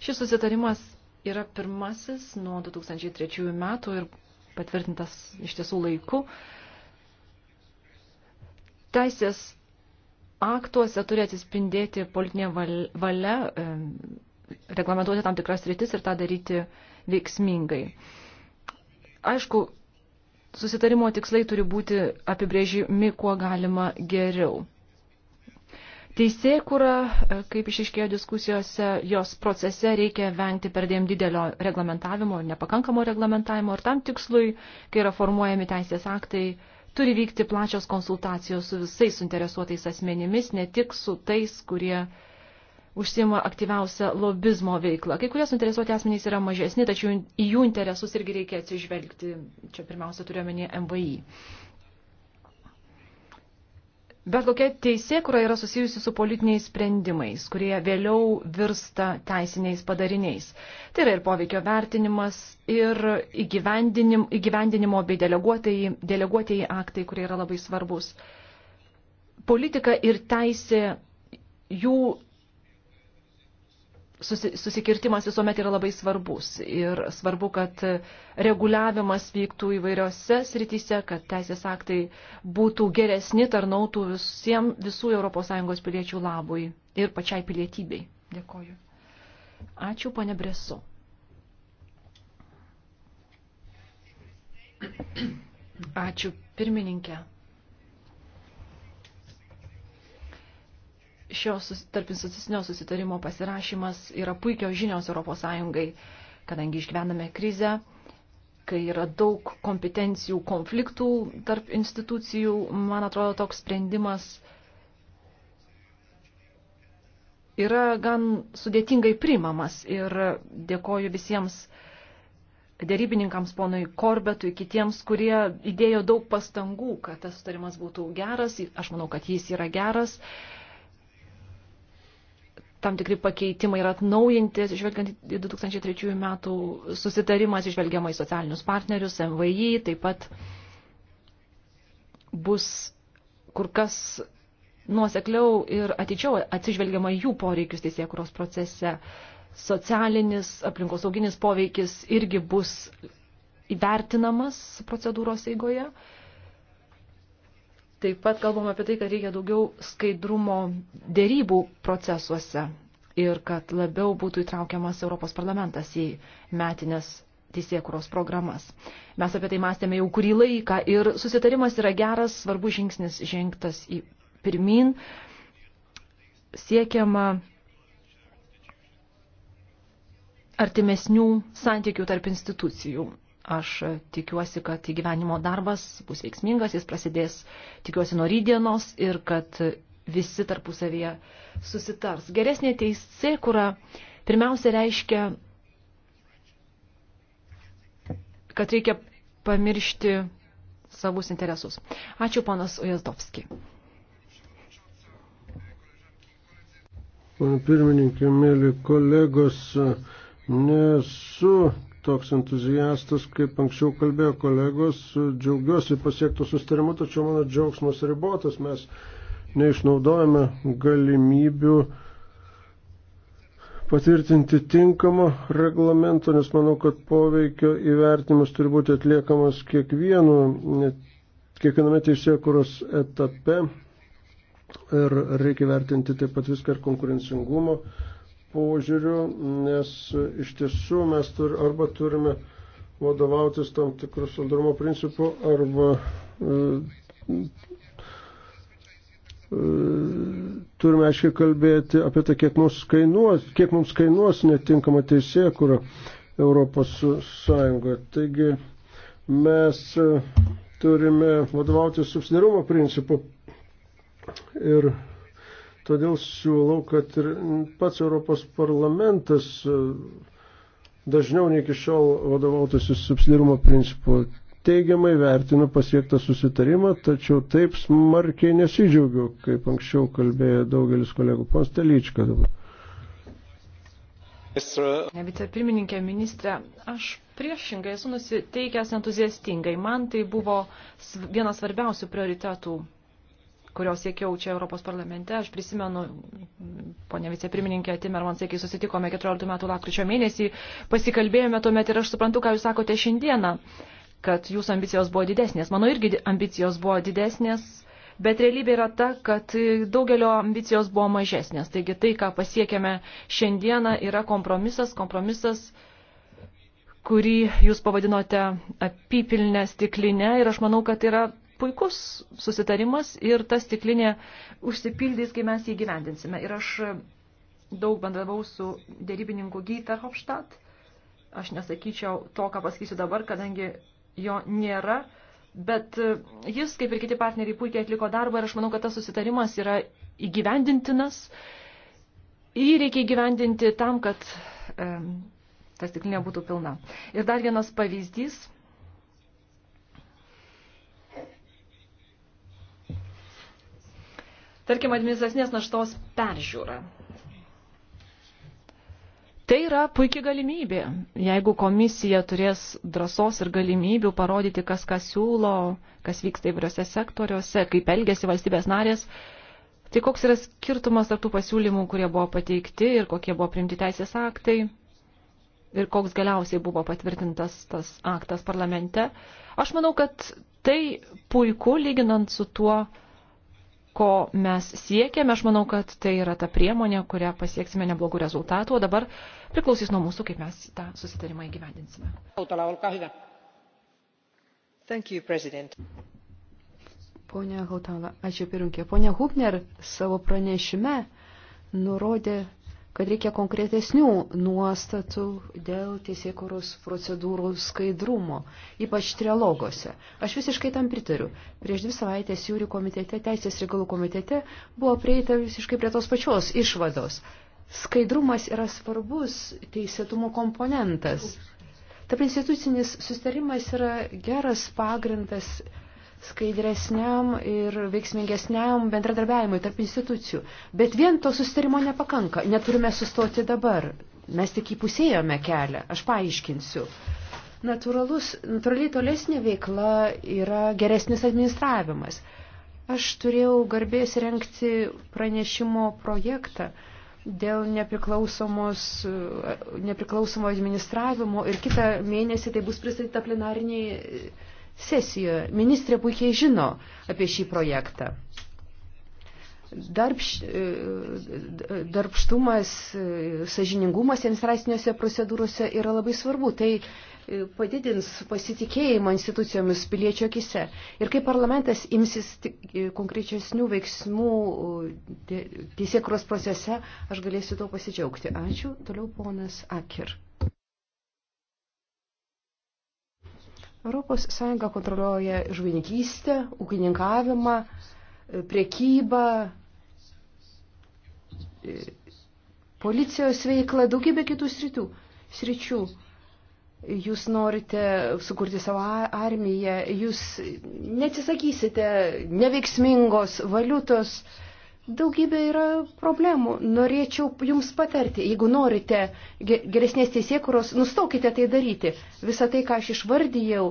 Šis susitarimas yra pirmasis nuo 2003 metų ir patvirtintas iš tiesų laiku. Teisės aktuose turi atsispindėti politinė valia, reglamentuoti tam tikras rytis ir tą daryti veiksmingai. Aišku, susitarimo tikslai turi būti apibrėžimi kuo galima geriau. Teisėkura, e, kaip išiškėjo diskusijose, jos procese reikia vengti perdėm didelio reglamentavimo ir nepakankamo reglamentavimo ir tam tikslui, kai yra formuojami teisės aktai, turi vykti plačios konsultacijos su visais suinteresuotais asmenimis, ne tik su tais, kurie užsima aktyviausią lobizmo veiklą. Kai kurie suinteresuoti asmenys yra mažesni, tačiau į jų interesus irgi reikia atsižvelgti. Čia pirmiausia turiuomenį MVI. Bet kokia teisė, kuria yra susijusi su politiniais sprendimais, kurie vėliau virsta teisiniais padariniais. Tai yra ir poveikio vertinimas, ir įgyvendinim, įgyvendinimo bei deleguotieji, deleguotieji aktai, kurie yra labai svarbus. Politika ir teisė, jų susi, susikirtimas visuomet yra labai svarbus. Ir svarbu, kad reguliavimas vyktų įvairiose srityse, kad teisės aktai būtų geresni, tarnautų visiem, visų ES piliečių labui ir pačiai pilietybei. Dėkoju. Ačiū, ponė Bresu. Ačiū, pirmininkė. šios tarp institucinio susitarimo pasirašymas yra puikios žinios Europos Sąjungai, kadangi išgyvename krizę, kai yra daug kompetencijų konfliktų tarp institucijų, man atrodo, toks sprendimas yra gan sudėtingai primamas ir dėkoju visiems dėrybininkams, ponui Korbetui, kitiems, kurie įdėjo daug pastangų, kad tas sutarimas būtų geras. Aš manau, kad jis yra geras tam tikri pakeitimai yra atnaujinti, žvelgiant į 2003 metų susitarimą, žvelgiama į socialinius partnerius, MVI, taip pat bus kur kas nuosekliau ir atidžiau atsižvelgiama į jų poreikius teisėkuros procese. Socialinis, aplinkosauginis poveikis irgi bus įvertinamas procedūros eigoje. Uh, Taip pat kalbam apie tai, kad reikia daugiau skaidrumo dėrybų procesuose ir kad labiau būtų įtraukiamas Europos parlamentas į metinės teisėkuros programas. Mes apie tai mąstėme jau kurį laiką ir susitarimas yra geras, svarbus žingsnis žengtas į pirmin. Siekiama artimesnių santykių tarp institucijų. Aš tikiuosi, kad įgyvenimo darbas bus veiksmingas, jis prasidės, tikiuosi, nuo rydienos ir kad visi tarpusavėje susitars. Geresnė teisė, kura pirmiausia reiškia, kad reikia pamiršti savus interesus. Ačiū, ponas Ujazdovski. Pirmininkė, mėly kolegos, nesu toks entuziastas, kaip anksčiau kalbėjo kolegos, džiaugiuosi pasiektų sustarimu, tačiau mano džiaugsmas ribotas, mes neišnaudojame galimybių patvirtinti tinkamą reglamentą, nes manau, kad poveikio įvertinimas turi būti atliekamas kiekvienu, kiekviename teisėkuros etape ir reikia vertinti taip pat viską ir konkurencingumo požiūriu, nes iš tiesų mes tur, arba turime vadovautis tam tikrų solidarumo principų arba e, e, turime aiškiai kalbėti apie tai, kiek mums kainuos, kiek mums kainuos netinkama teisė, kur Europos Sąjungoje. Taigi mes e, turime vadovautis subsidarumo principu ir Todėl siūlau, kad ir pats Europos parlamentas e, dažniau nei iki šiol vadovautųsi subsidirumo principu. Teigiamai vertinu pasiektą susitarimą, tačiau taip smarkiai nesidžiaugiu, kaip anksčiau kalbėjo daugelis kolegų. Pons Telyčka dabar. Vicepirmininkė ministrė, aš priešingai esu nusiteikęs entuziastingai. Man tai buvo vienas svarbiausių prioritetų kurios siekiau čia Europos parlamente. Aš prisimenu, ponė vicepirmininkė Timermansai, kai susitikome 14 metų lakryčio mėnesį, pasikalbėjome tuomet ir aš suprantu, ką jūs sakote šiandieną, kad jūsų ambicijos buvo didesnės. Mano irgi ambicijos buvo didesnės, bet realybė yra ta, kad daugelio ambicijos buvo mažesnės. Taigi tai, ką pasiekėme šiandieną, yra kompromisas, kompromisas kurį jūs pavadinote apipilnę stiklinę ir aš manau, kad tai yra puikus susitarimas ir ta stiklinė užsipildys, kai mes jį gyvendinsime. Ir aš daug bendravau su dėrybininku Gyter Hofstadt. Aš nesakyčiau to, ką pasakysiu dabar, kadangi jo nėra. Bet jis, kaip ir kiti partneriai, puikiai atliko darbą ir aš manau, kad tas susitarimas yra įgyvendintinas. Jį reikia įgyvendinti tam, kad e, ta stiklinė būtų pilna. Ir dar vienas pavyzdys – Tarkim, administracinės naštos peržiūra. Tai yra puikia galimybė, jeigu komisija turės drąsos ir galimybių parodyti, kas ką siūlo, kas vyksta įvairiose sektoriuose, kaip elgesi valstybės narės. Tai koks yra skirtumas tarp tų pasiūlymų, kurie buvo pateikti ir kokie buvo priimti teisės aktai ir koks galiausiai buvo patvirtintas tas aktas parlamente. Aš manau, kad tai puiku lyginant su tuo, ko mes siekiame, aš manau, kad tai yra ta priemonė, kuria pasieksime neblogų rezultatų, o dabar priklausys nuo mūsų, kaip mes tą susitarimą įgyvendinsime. Hautala, olkaa hyvä. Thank you, President. Pone Hautala, ačiū pirmkė. Pone Hubner savo pranešime nurodė kad reikia konkretesnių nuostatų dėl teisėkuros procedūrų skaidrumo, ypač trilogose. Aš visiškai tam pritariu. Prieš dvi savaitės jūrių komitete, Teisės reikalų komitete buvo prieita visiškai prie tos pačios išvados. Skaidrumas yra svarbus teisėtumo komponentas. Tarp institucinis sustarimas yra geras pagrindas skaidresniam ir veiksmingesniam bendradarbiavimui tarp institucijų. Bet vien to sustarimo nepakanka. Neturime sustoti dabar. Mes tik įpusėjome kelią. Aš paaiškinsiu. Natūralus, natūraliai tolesnė veikla yra geresnis administravimas. Aš turėjau garbės renkti pranešimo projektą dėl nepriklausomo administravimo ir kitą mėnesį tai bus pristatyta plenariniai sesijoje. Ministrė puikiai žino apie šį projektą. Darbš, e, darbštumas, e, sažiningumas administracinėse procedūrose yra labai svarbu. Tai e, padidins pasitikėjimą institucijomis piliečio akise. Ir kai parlamentas imsis konkrečiasnių veiksmų teisėkros procese, aš galėsiu to pasidžiaugti. Ačiū. Toliau ponas Akir. ES kontroliuoja žuvininkystę, ūkininkavimą, priekybą, policijos veiklą, daugybę kitų sritų, sričių. Jūs norite sukurti savo armiją, jūs neatsisakysite neveiksmingos valiutos, uh, daugybė yra problemų. Norėčiau jums patarti, jeigu norite geresnės teisėkuros, nustokite tai daryti. Visą tai, ką aš išvardijau,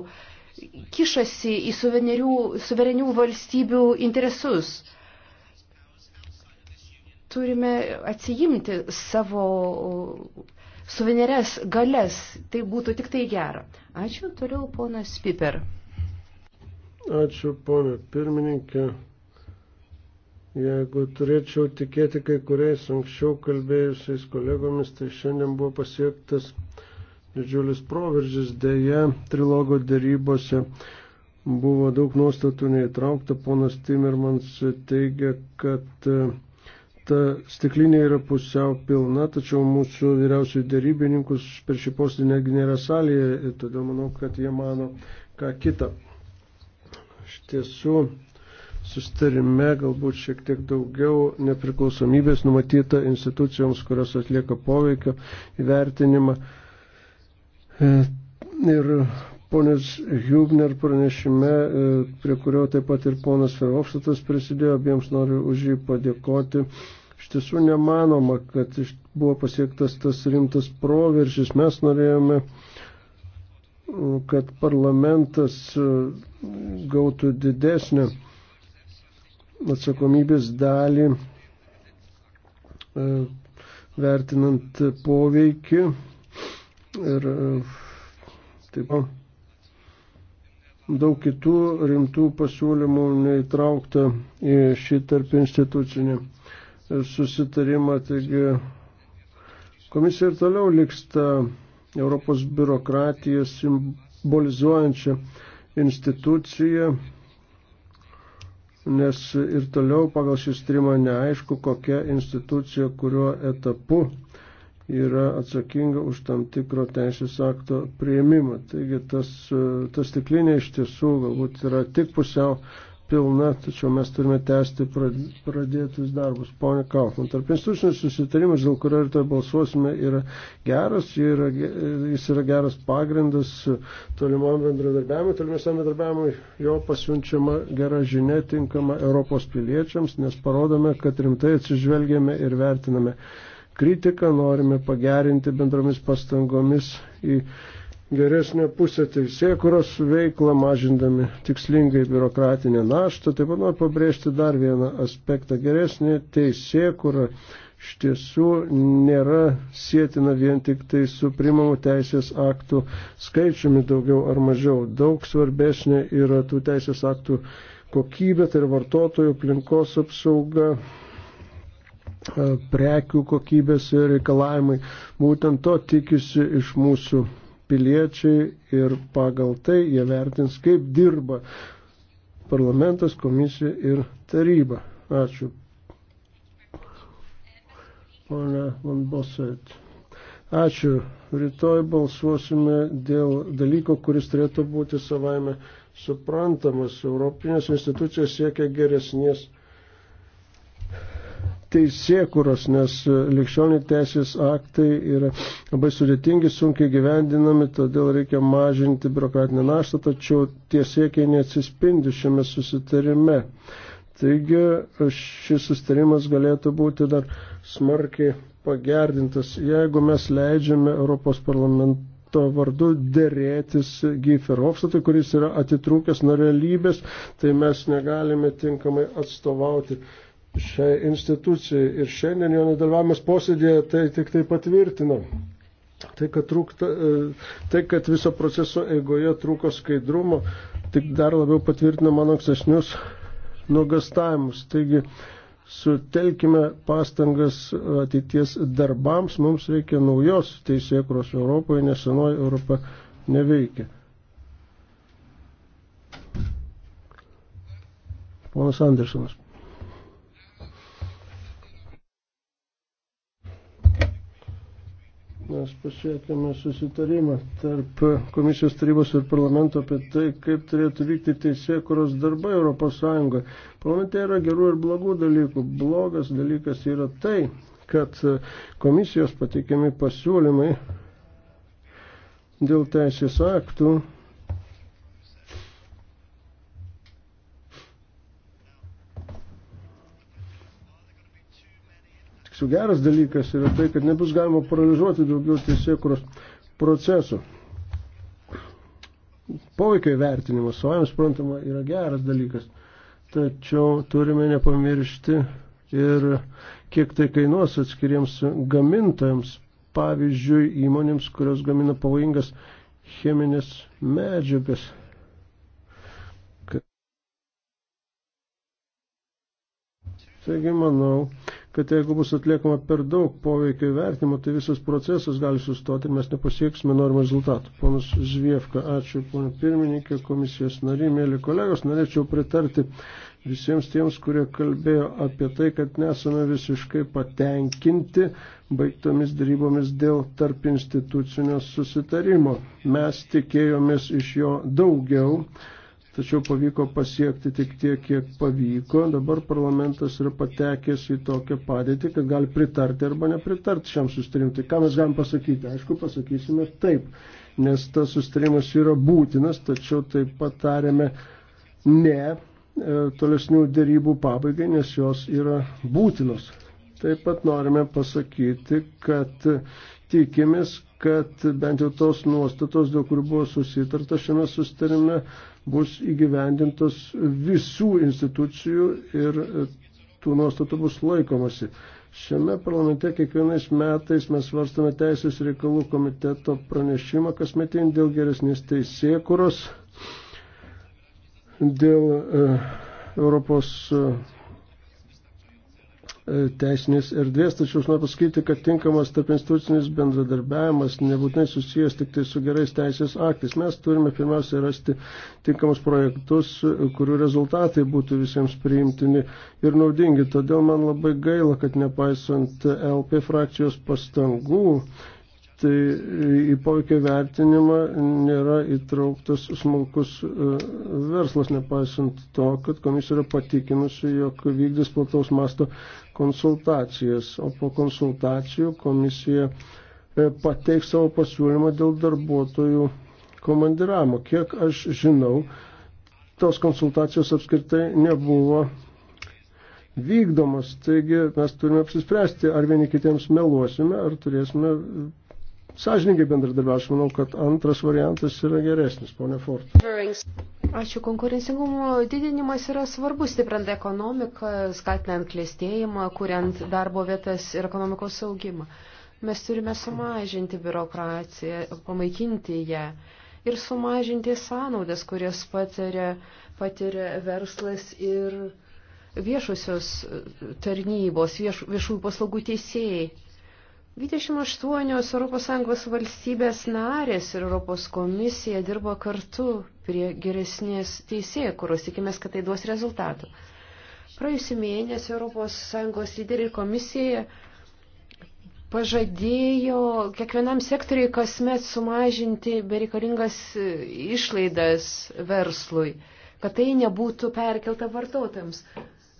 kišasi į suverenių valstybių interesus. Turime atsijimti savo suvenerės galės. Tai būtų tik tai gera. Ačiū toliau, ponas Piper. Ačiū, ponė pirmininkė. Jeigu turėčiau tikėti kai kuriais anksčiau kalbėjusiais kolegomis, tai šiandien buvo pasiektas didžiulis proveržis. Deja, trilogo dėrybose buvo daug nuostatų neįtraukta. Ponas Timirmans teigia, kad e, ta stiklinė yra pusiau pilna, tačiau mūsų vyriausių dėrybininkus per šį postį negi nėra salėje ir todėl manau, kad jie mano ką kitą. Iš tiesų, sustarime galbūt šiek tiek daugiau nepriklausomybės numatyta institucijoms, kurios atlieka poveikio įvertinimą. E, ir ponas Hubner pranešime, e, prie kurio taip pat ir ponas Ferovštatas prisidėjo, abiems noriu už jį padėkoti. Iš tiesų nemanoma, kad buvo pasiektas tas rimtas proveržis. Mes norėjome kad parlamentas e, gautų didesnį atsakomybės dalį e, vertinant poveikį ir e, taip pat daug kitų rimtų pasiūlymų neįtraukta į šį tarp institucinį e, susitarimą. Taigi komisija ir toliau liksta Europos biurokratija simbolizuojančia institucija nes ir toliau pagal šį strimą neaišku, kokia institucija, kuriuo etapu yra atsakinga už tam tikro teisės akto prieimimą. Taigi tas, tas stiklinė iš tiesų galbūt yra tik pusiau pilna, tačiau mes turime tęsti pradėtus darbus. Pone Kaufman, tarp institucinis susitarimas, dėl kurio rytoj balsuosime, yra geras, yra, jis yra geras pagrindas tolimam bendradarbiavimui, tolimesam bendradarbiavimui jo pasiunčiama gera žinia tinkama Europos piliečiams, nes parodome, kad rimtai atsižvelgėme ir vertiname kritiką, norime pagerinti bendromis pastangomis į geresnę pusę teisėkuros veiklą, mažindami tikslingai biurokratinę naštą. Taip pat noriu pabrėžti dar vieną aspektą. Geresnė teisėkura iš tiesų nėra sėtina vien tik tai su primamų teisės aktų skaičiumi daugiau ar mažiau. Daug svarbesnė yra tų teisės aktų kokybė, tai yra vartotojų aplinkos apsauga, prekių kokybės ir reikalavimai. Būtent to tikisi iš mūsų piliečiai ir pagal tai jie vertins, kaip dirba parlamentas, komisija ir taryba. Ačiū. Pone Lamboset. Ačiū. Rytoj balsuosime dėl dalyko, kuris turėtų būti savaime suprantamas. Europinės institucijos siekia geresnės teisėkuros, nes e, likščionių teisės aktai yra labai sudėtingi, sunkiai gyvendinami, todėl reikia mažinti biurokratinę naštą, tačiau tie siekiai neatsispindi šiame susitarime. Taigi šis sustarimas galėtų būti dar smarkiai pagerdintas, jeigu mes leidžiame Europos parlamento vardu dėrėtis Giferhofstatui, kuris yra atitrūkęs nuo realybės, tai mes negalime tinkamai atstovauti šiai institucijai. Ir šiandien jo nedalyvavimas posėdėje tai tik tai patvirtino. Tai kad, trūkta, e, tai, kad viso proceso eigoje trūko skaidrumo, tik dar labiau patvirtina mano ankstesnius nuogastavimus. Taigi, sutelkime pastangas ateities darbams, mums reikia naujos teisėkros Europoje, nes senoji Europa neveikia. Ponas Andersonas. mes pasiekėme susitarimą tarp Komisijos tarybos ir parlamento apie tai, kaip turėtų vykti teisėkuros darbai Europos Sąjungoje. Parlamente yra gerų ir blogų dalykų. Blogas dalykas yra tai, kad Komisijos pateikiami pasiūlymai dėl teisės aktų su geras dalykas yra tai, kad nebus galima paralyžuoti daugiau teisėkuros procesų. Poveikio įvertinimas, savai suprantama, yra geras dalykas. Tačiau turime nepamiršti ir kiek tai kainuos atskiriems gamintojams, pavyzdžiui, įmonėms, kurios gamina pavojingas cheminės medžiagas. Taigi manau, kad jeigu bus atliekama per daug poveikio įvertinimo, tai visas procesas gali sustoti ir mes nepasieksime norimą rezultatą. Ponas Zviefka, ačiū, ponė pirmininkė, komisijos nariai, mėly kolegos, norėčiau pritarti visiems tiems, kurie kalbėjo apie tai, kad nesame visiškai patenkinti baigtomis darybomis dėl tarp institucinio susitarimo. Mes tikėjomės iš jo daugiau tačiau pavyko pasiekti tik tiek, kiek pavyko. Dabar parlamentas yra patekęs į tokią padėtį, kad gali pritarti arba nepritarti šiam sustarimui. Ką mes galim pasakyti? Aišku, pasakysime taip, nes tas sustarimas yra būtinas, tačiau taip pat tarėme ne e, tolesnių dėrybų pabaigai, nes jos yra būtinos. Taip pat norime pasakyti, kad tikimės, kad bent jau tos nuostatos, dėl kurių buvo susitarta šiame sustarime, bus įgyvendintos visų institucijų ir e, tų nuostatų bus laikomasi. Šiame parlamente kiekvienais metais mes svarstame Teisės reikalų komiteto pranešimą kasmetin dėl geresnės teisėkuros, dėl uh, Europos uh, E, teisinės erdvės, tačiau aš noriu pasakyti, kad tinkamas tarp institucinis bendradarbiavimas nebūtinai susijęs tik tai su gerais teisės aktais. Mes turime pirmiausia rasti tinkamus projektus, kurių rezultatai būtų visiems priimtini ir naudingi. Todėl man labai gaila, kad nepaisant LP frakcijos pastangų tai į poveikio vertinimą nėra įtrauktas smulkus e, verslas, nepaisant to, kad komisija yra patikinusi, jog vykdys plataus masto konsultacijas, o po konsultacijų komisija e, pateiks savo pasiūlymą dėl darbuotojų komandiravimo. Kiek aš žinau, tos konsultacijos apskritai nebuvo vykdomas. Taigi mes turime apsispręsti, ar vieni kitiems meluosime, ar turėsime sąžininkai bendradarbiauti. Aš manau, kad antras variantas yra geresnis, ponė Fort. Ačiū. Konkurencingumo didinimas yra svarbus, stiprant ekonomiką, skatinant klėstėjimą, kuriant darbo vietas ir ekonomikos saugimą. Mes turime sumažinti biurokraciją, pamaikinti ją ir sumažinti sąnaudas, kurias patiria, patiria verslas ir viešosios tarnybos, vieš, viešųjų paslaugų teisėjai. 28 ES valstybės narės ir Europos komisija dirba kartu prie geresnės teisėjų, kurios tikimės, kad tai duos rezultatų. Praėjusį mėnesį ES lyderiai komisija pažadėjo kiekvienam sektoriai kasmet sumažinti bereikalingas išlaidas verslui, kad tai nebūtų perkelta vartotojams.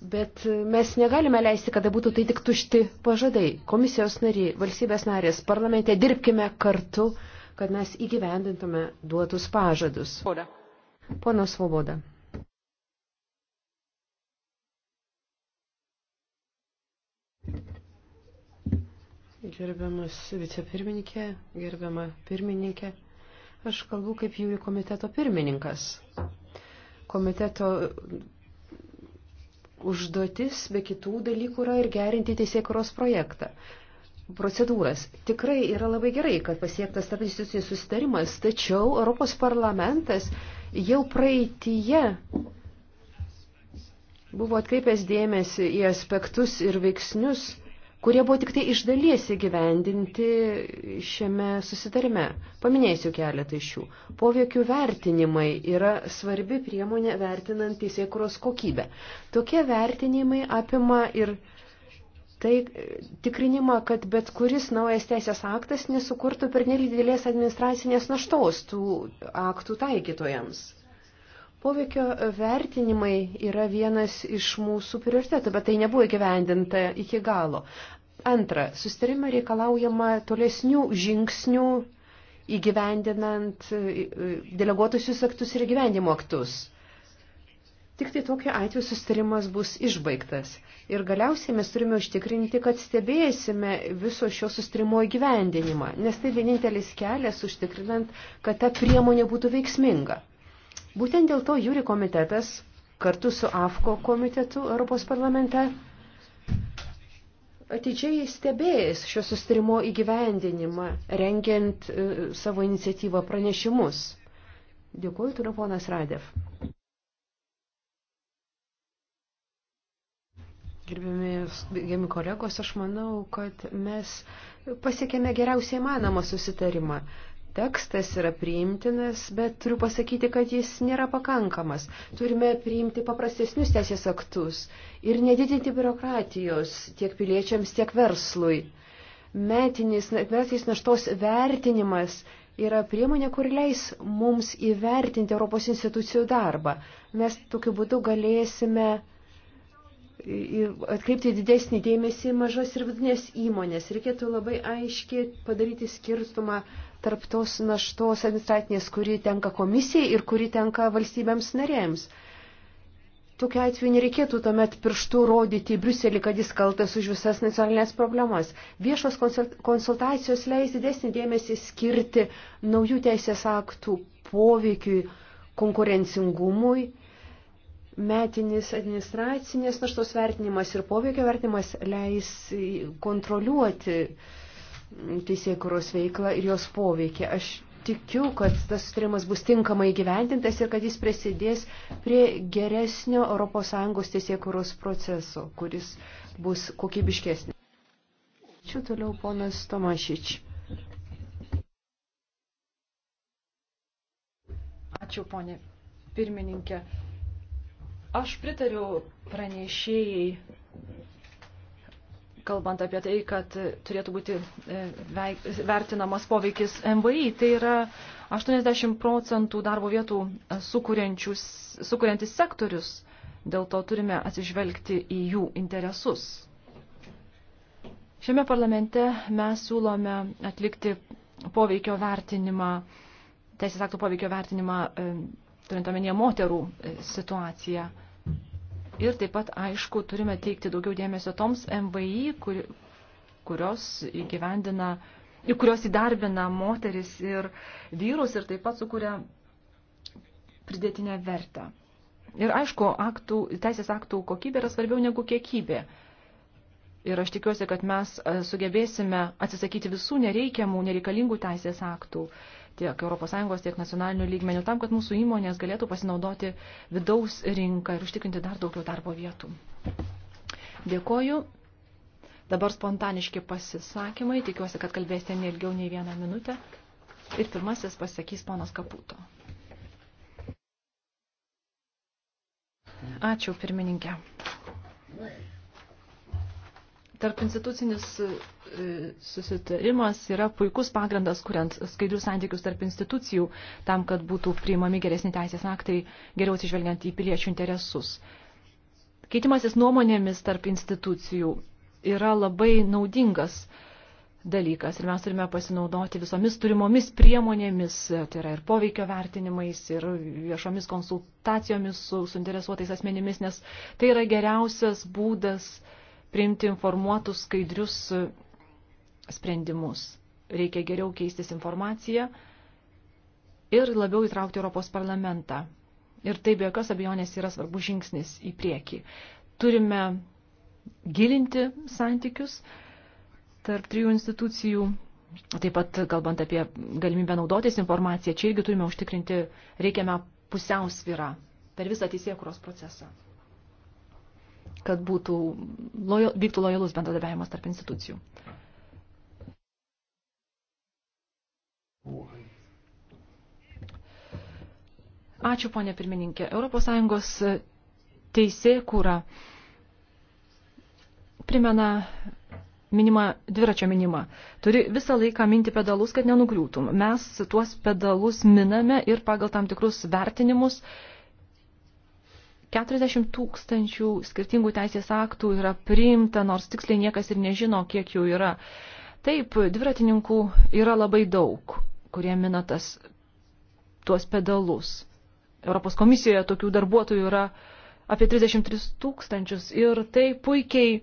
Bet e, mes negalime leisti, kada būtų tai tik tušti pažadai. Komisijos nariai, valstybės narės, parlamente dirbkime kartu, kad mes įgyvendintume duotus pažadus. Svoboda. Pono Svoboda. Gerbiamas vicepirmininkė, gerbiama pirmininkė, aš kalbu kaip jų komiteto pirmininkas. Komiteto užduotis be kitų dalykų yra ir gerinti teisėkuros projektą. Procedūras. Tikrai yra labai gerai, kad pasiektas tarp institucijų susitarimas, tačiau Europos parlamentas jau praeitie buvo atkreipęs dėmesį į aspektus ir veiksnius, kurie buvo tik tai iš dalies įgyvendinti šiame susitarime. Paminėsiu keletą iš jų. Poveikių vertinimai yra svarbi priemonė vertinant teisėkuros kokybę. Tokie vertinimai apima ir tai tikrinimą, kad bet kuris naujas teisės aktas nesukurtų per nedidelės administracinės naštos tų aktų taikytojams. Poveikio vertinimai yra vienas iš mūsų prioritetų, bet tai nebuvo gyvendinta iki galo. Antra, sustarime reikalaujama tolesnių žingsnių įgyvendinant e, e, deleguotusius aktus ir gyvenimo aktus. Tik tai tokiu atveju sustarimas bus išbaigtas. Ir galiausiai mes turime užtikrinti, kad stebėsime viso šio sustarimo įgyvendinimą, nes tai vienintelis kelias užtikrinant, kad ta priemonė būtų veiksminga. Būtent dėl to jūri komitetas kartu su AFKO komitetu Europos parlamente atidžiai stebėjęs šio sustarimo įgyvendinimą, rengiant e, savo iniciatyvą pranešimus. Dėkuoju, turiu ponas Radev. Gerbimi kolegos, aš manau, kad mes pasiekėme geriausiai manomą susitarimą tekstas yra priimtinas, bet turiu pasakyti, kad jis nėra pakankamas. Turime priimti paprastesnius teisės aktus ir nedidinti biurokratijos tiek piliečiams, tiek verslui. Metinis, metinis naštos vertinimas yra priemonė, kur leis mums įvertinti Europos institucijų darbą. Mes tokiu būdu galėsime atkreipti didesnį dėmesį mažas ir vidinės įmonės. Reikėtų labai aiškiai padaryti skirstumą tarp tos naštos administratinės, kuri tenka komisijai ir kuri tenka valstybėms narėms. Tokiu atveju nereikėtų tuomet pirštų rodyti į Briuselį, kad jis kaltas už visas nacionalinės problemas. Viešos konsultacijos leis didesnį dėmesį skirti naujų teisės aktų poveikiui konkurencingumui. Metinis administracinės naštos vertinimas ir poveikio vertinimas leis kontroliuoti uh, teisėkuros veiklą ir jos poveikį. Aš tikiu, kad tas sutarimas bus tinkamai gyvendintas ir kad jis prisidės prie geresnio ES teisėkuros proceso, kuris bus kokybiškesnis. Ačiū toliau ponas Tomašič. Ačiū, ponė pirmininkė. Aš pritariu pranešėjai kalbant apie tai, kad turėtų būti e, vertinamas poveikis MVI. Tai yra 80 procentų darbo vietų e, sukuriantis sektorius. Dėl to turime atsižvelgti į jų interesus. Šiame parlamente mes siūlome atlikti poveikio vertinimą, teisės aktų poveikio vertinimą, e, turint omenyje moterų situaciją. Ir taip pat, aišku, turime teikti daugiau dėmesio toms MVI, kur, kurios įgyvendina, kurios įdarbina moteris ir vyrus ir taip pat sukuria pridėtinę vertę. Ir aišku, aktų, teisės aktų kokybė yra svarbiau negu kiekybė. Ir aš tikiuosi, kad mes e, sugebėsime atsisakyti visų nereikiamų, nereikalingų teisės aktų tiek ES, tiek nacionalinių lygmenių, tam, kad mūsų įmonės galėtų pasinaudoti vidaus rinką ir užtikrinti dar daugiau darbo vietų. Dėkoju. Dabar spontaniški pasisakymai. Tikiuosi, kad kalbėsite ne ilgiau nei vieną minutę. Ir pirmasis pasakys ponas Kaputo. Ačiū, pirmininkė. Tarp institucinis e, susitarimas yra puikus pagrindas, kuriant skaidrius santykius tarp institucijų, tam, kad būtų priimami geresni teisės aktai, geriau atsižvelgiant į piliečių interesus. Keitimasis nuomonėmis tarp institucijų yra labai naudingas dalykas ir mes turime pasinaudoti visomis turimomis priemonėmis, tai yra ir poveikio vertinimais, ir viešomis konsultacijomis su suinteresuotais asmenimis, nes tai yra geriausias būdas uh, priimti informuotus, skaidrius e, sprendimus. Reikia geriau keistis informaciją ir labiau įtraukti Europos parlamentą. Ir tai be jokios abejonės yra svarbus žingsnis į priekį. Turime gilinti santykius tarp trijų institucijų. Taip pat, kalbant apie galimybę naudotis informaciją, čia irgi turime užtikrinti reikiamą pusiausvyrą per visą teisėkuros procesą kad būtų lojo, vyktų lojalus bendradarbiavimas tarp institucijų. Ačiū, ponė pirmininkė. ES teisė kūra primena minimą, dviračio minimą. Turi visą laiką minti pedalus, kad nenugriūtum. Mes tuos pedalus miname ir pagal tam tikrus vertinimus uh, 40 tūkstančių skirtingų teisės aktų yra priimta, nors tiksliai niekas ir nežino, kiek jų yra. Taip, dviratininkų yra labai daug, kurie mina tas, tuos pedalus. Europos komisijoje tokių darbuotojų yra apie 33 tūkstančius ir tai puikiai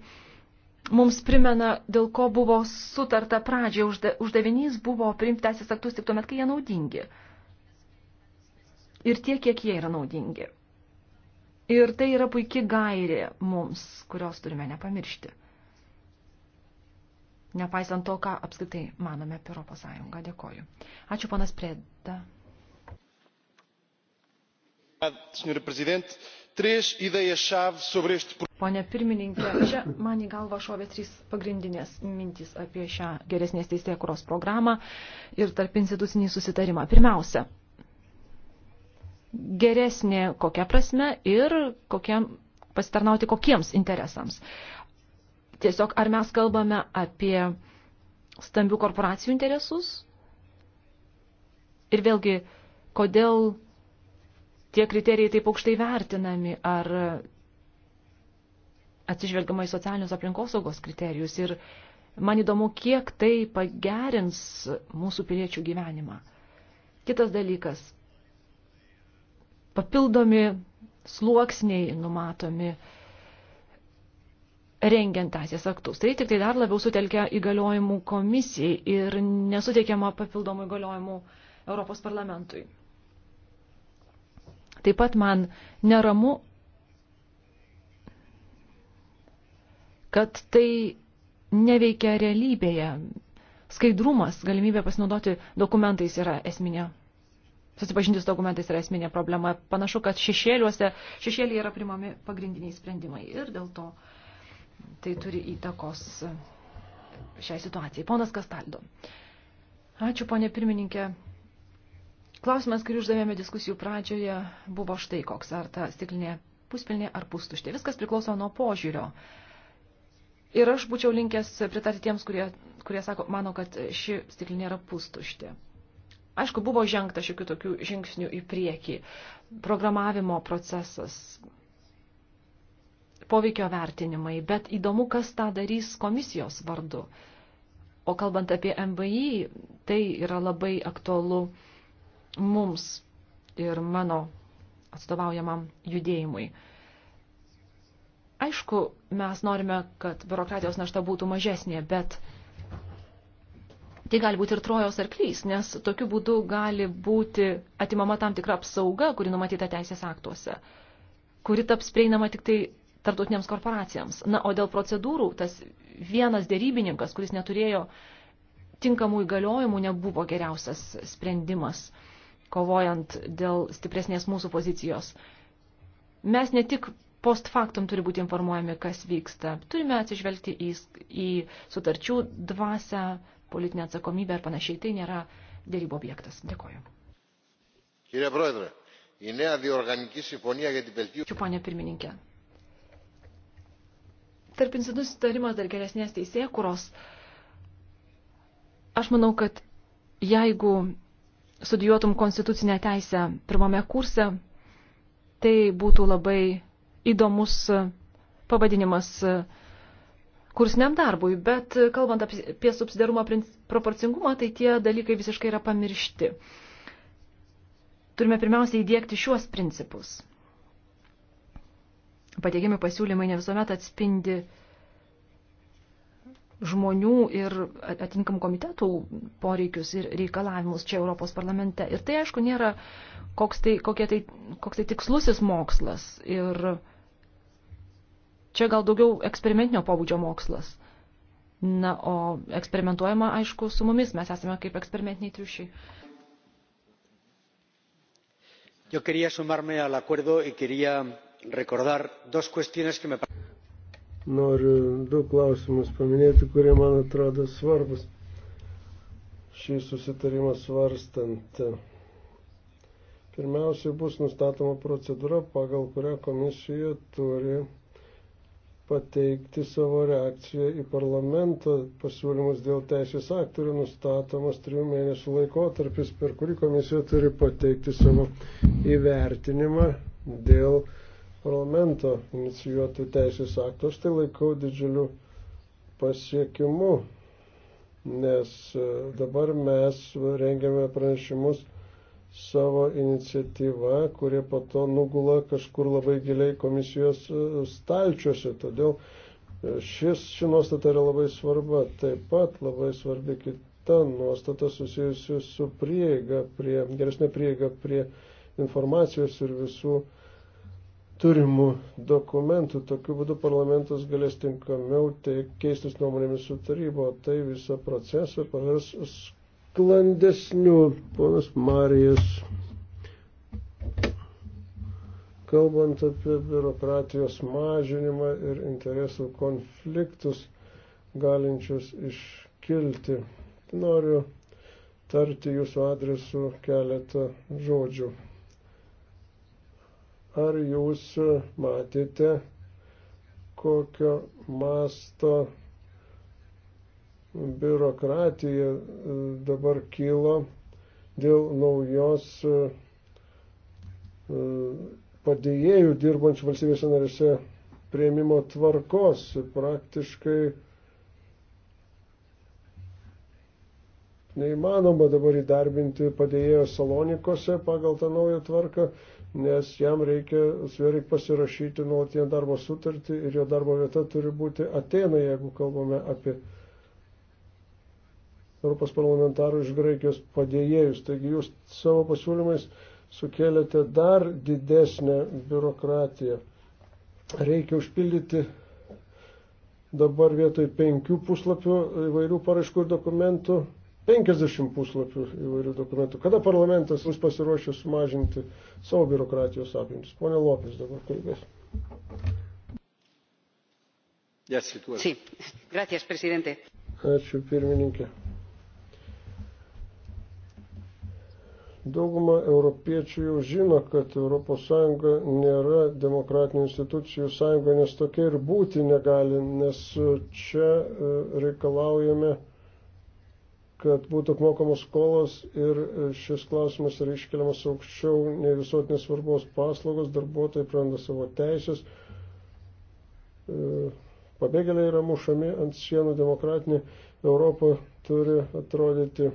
mums primena, dėl ko buvo sutarta pradžioje. Užda, uždavinys buvo priimti teisės aktus tik tuomet, kai jie naudingi. Ir tiek, kiek jie yra naudingi. Ir tai yra puikia gairė mums, kurios turime nepamiršti. Nepaisant to, ką apskritai manome apie Europos Sąjungą. Dėkoju. Ačiū, panas Preda. Pone pirmininkė, čia man į galvą šovė trys pagrindinės mintys apie šią geresnės teisėkuros programą ir tarp institucinį susitarimą. Pirmiausia, geresnė kokia prasme ir kokiam, pasitarnauti kokiems interesams. Tiesiog ar mes kalbame apie stambių korporacijų interesus? Ir vėlgi, kodėl tie kriterijai taip aukštai vertinami, ar atsižvelgiama į socialinius aplinkosaugos kriterijus ir man įdomu, kiek tai pagerins mūsų piliečių gyvenimą. Kitas dalykas papildomi sluoksniai numatomi rengiant teisės aktus. Tai tik tai dar labiau sutelkia įgaliojimų komisijai ir nesuteikiama papildomų įgaliojimų Europos parlamentui. Taip pat man neramu, kad tai neveikia realybėje. Skaidrumas, galimybė pasinaudoti dokumentais yra esminė susipažinti su dokumentais yra esminė problema. Panašu, kad šešėliuose, šešėlėje yra primami pagrindiniai sprendimai ir dėl to tai turi įtakos šiai situacijai. Ponas Kastaldo. Ačiū, ponė pirmininkė. Klausimas, kurį uždavėme diskusijų pradžioje, buvo štai koks, ar ta stiklinė puspilnė ar pustuštė. Viskas priklauso nuo požiūrio. Ir aš būčiau linkęs pritarti tiems, kurie, kurie sako, mano, kad ši stiklinė yra pustuštė. Aišku, buvo žengta šiokių tokių žingsnių į priekį. Programavimo procesas, poveikio vertinimai, bet įdomu, kas tą darys komisijos vardu. O kalbant apie MVI, tai yra labai aktualu mums ir mano atstovaujamam judėjimui. Aišku, mes norime, kad biurokratijos našta būtų mažesnė, bet tai gali būti ir trojos arklys, nes tokiu būdu gali būti atimama tam tikra apsauga, kuri numatyta teisės aktuose, kuri taps prieinama tik tai tartutiniams korporacijams. Na, o dėl procedūrų, tas vienas dėrybininkas, kuris neturėjo tinkamų įgaliojimų, nebuvo geriausias sprendimas, kovojant dėl stipresnės mūsų pozicijos. Mes ne tik post factum turi būti informuojami, kas vyksta, turime atsižvelgti į, į sutarčių dvasę, politinę atsakomybę ir panašiai. Tai nėra dėrybo objektas. Dėkoju. Ačiū, ponė pirmininkė. Tarp institucijų sutarimas dar geresnės teisėkuros. Aš manau, kad jeigu studijuotum konstitucinę teisę pirmame kurse, tai būtų labai įdomus pavadinimas uh, kursiniam darbui, bet kalbant apie subsidarumą proporcingumą, tai tie dalykai visiškai yra pamiršti. Turime pirmiausia įdėkti šiuos principus. Pateikiami pasiūlymai ne visuomet atspindi žmonių ir atinkamų komitetų poreikius ir reikalavimus čia Europos parlamente. Ir tai, aišku, nėra koks tai, kokie tai, koks tai tikslusis mokslas. Ir Čia gal daugiau eksperimentinio pobūdžio mokslas. Na, o eksperimentuojama, aišku, su mumis. Mes esame kaip eksperimentiniai triušiai. Yo quería sumarme al acuerdo y quería recordar dos cuestiones que me Noriu du klausimus paminėti, kurie man atrodo svarbus šį susitarimą svarstant. Pirmiausiai bus nustatoma procedūra, pagal kurią komisija turi pateikti savo reakciją į parlamento pasiūlymus dėl teisės aktorių nustatomas trijų mėnesių laikotarpis, per kurį komisija turi pateikti savo įvertinimą dėl parlamento inicijuotų teisės aktų. Aš tai laikau didžiuliu pasiekimu, nes e, dabar mes rengiame pranešimus savo iniciatyvą, kurie po to nugula kažkur labai giliai komisijos e, stalčiuose. Todėl e, šis, ši nuostata yra labai svarba. Taip pat labai svarbi kita nuostata susijusi su prieiga, prie, geresnė prieiga prie informacijos ir visų turimų dokumentų. Tokiu būdu parlamentas galės tinkamiau teik, keistis nuomonėmis su taryba, o tai visą procesą pavers sklandesniu. Ponas Marijas, kalbant apie biurokratijos mažinimą ir interesų konfliktus galinčius iškilti, noriu tarti jūsų adresu keletą žodžių. Ar jūs matėte, kokio masto biurokratija e, dabar kyla dėl naujos e, e, padėjėjų dirbančių valstybėse narėse prieimimo tvarkos. Praktiškai neįmanoma dabar įdarbinti padėjėjo salonikose pagal tą naują tvarką, nes jam reikia, su juo reikia pasirašyti nuolatinę darbo sutartį ir jo darbo vieta turi būti Atena, jeigu kalbame apie Europos parlamentarų iš Graikijos padėjėjus. Taigi jūs savo pasiūlymais sukėlėte dar didesnę biurokratiją. Reikia užpildyti dabar vietoj penkių puslapių įvairių paraiškų ir dokumentų 50 puslapių įvairių dokumentų. Kada parlamentas bus pasiruošęs sumažinti savo biurokratijos apimtis? Pone Lopis dabar kalbės. Yes, sí. Gracias, presidente. Ačiū, pirmininkė. Dauguma europiečių jau žino, kad ES nėra demokratinių institucijų sąjunga, nes tokia ir būti negali, nes čia e, reikalaujame, kad būtų apmokamos skolos ir e, šis klausimas yra iškeliamas aukščiau nei visuotinės svarbos paslaugos, darbuotojai praranda savo teisės, e, pabėgėliai yra mušami ant sienų, demokratinė Europa turi atrodyti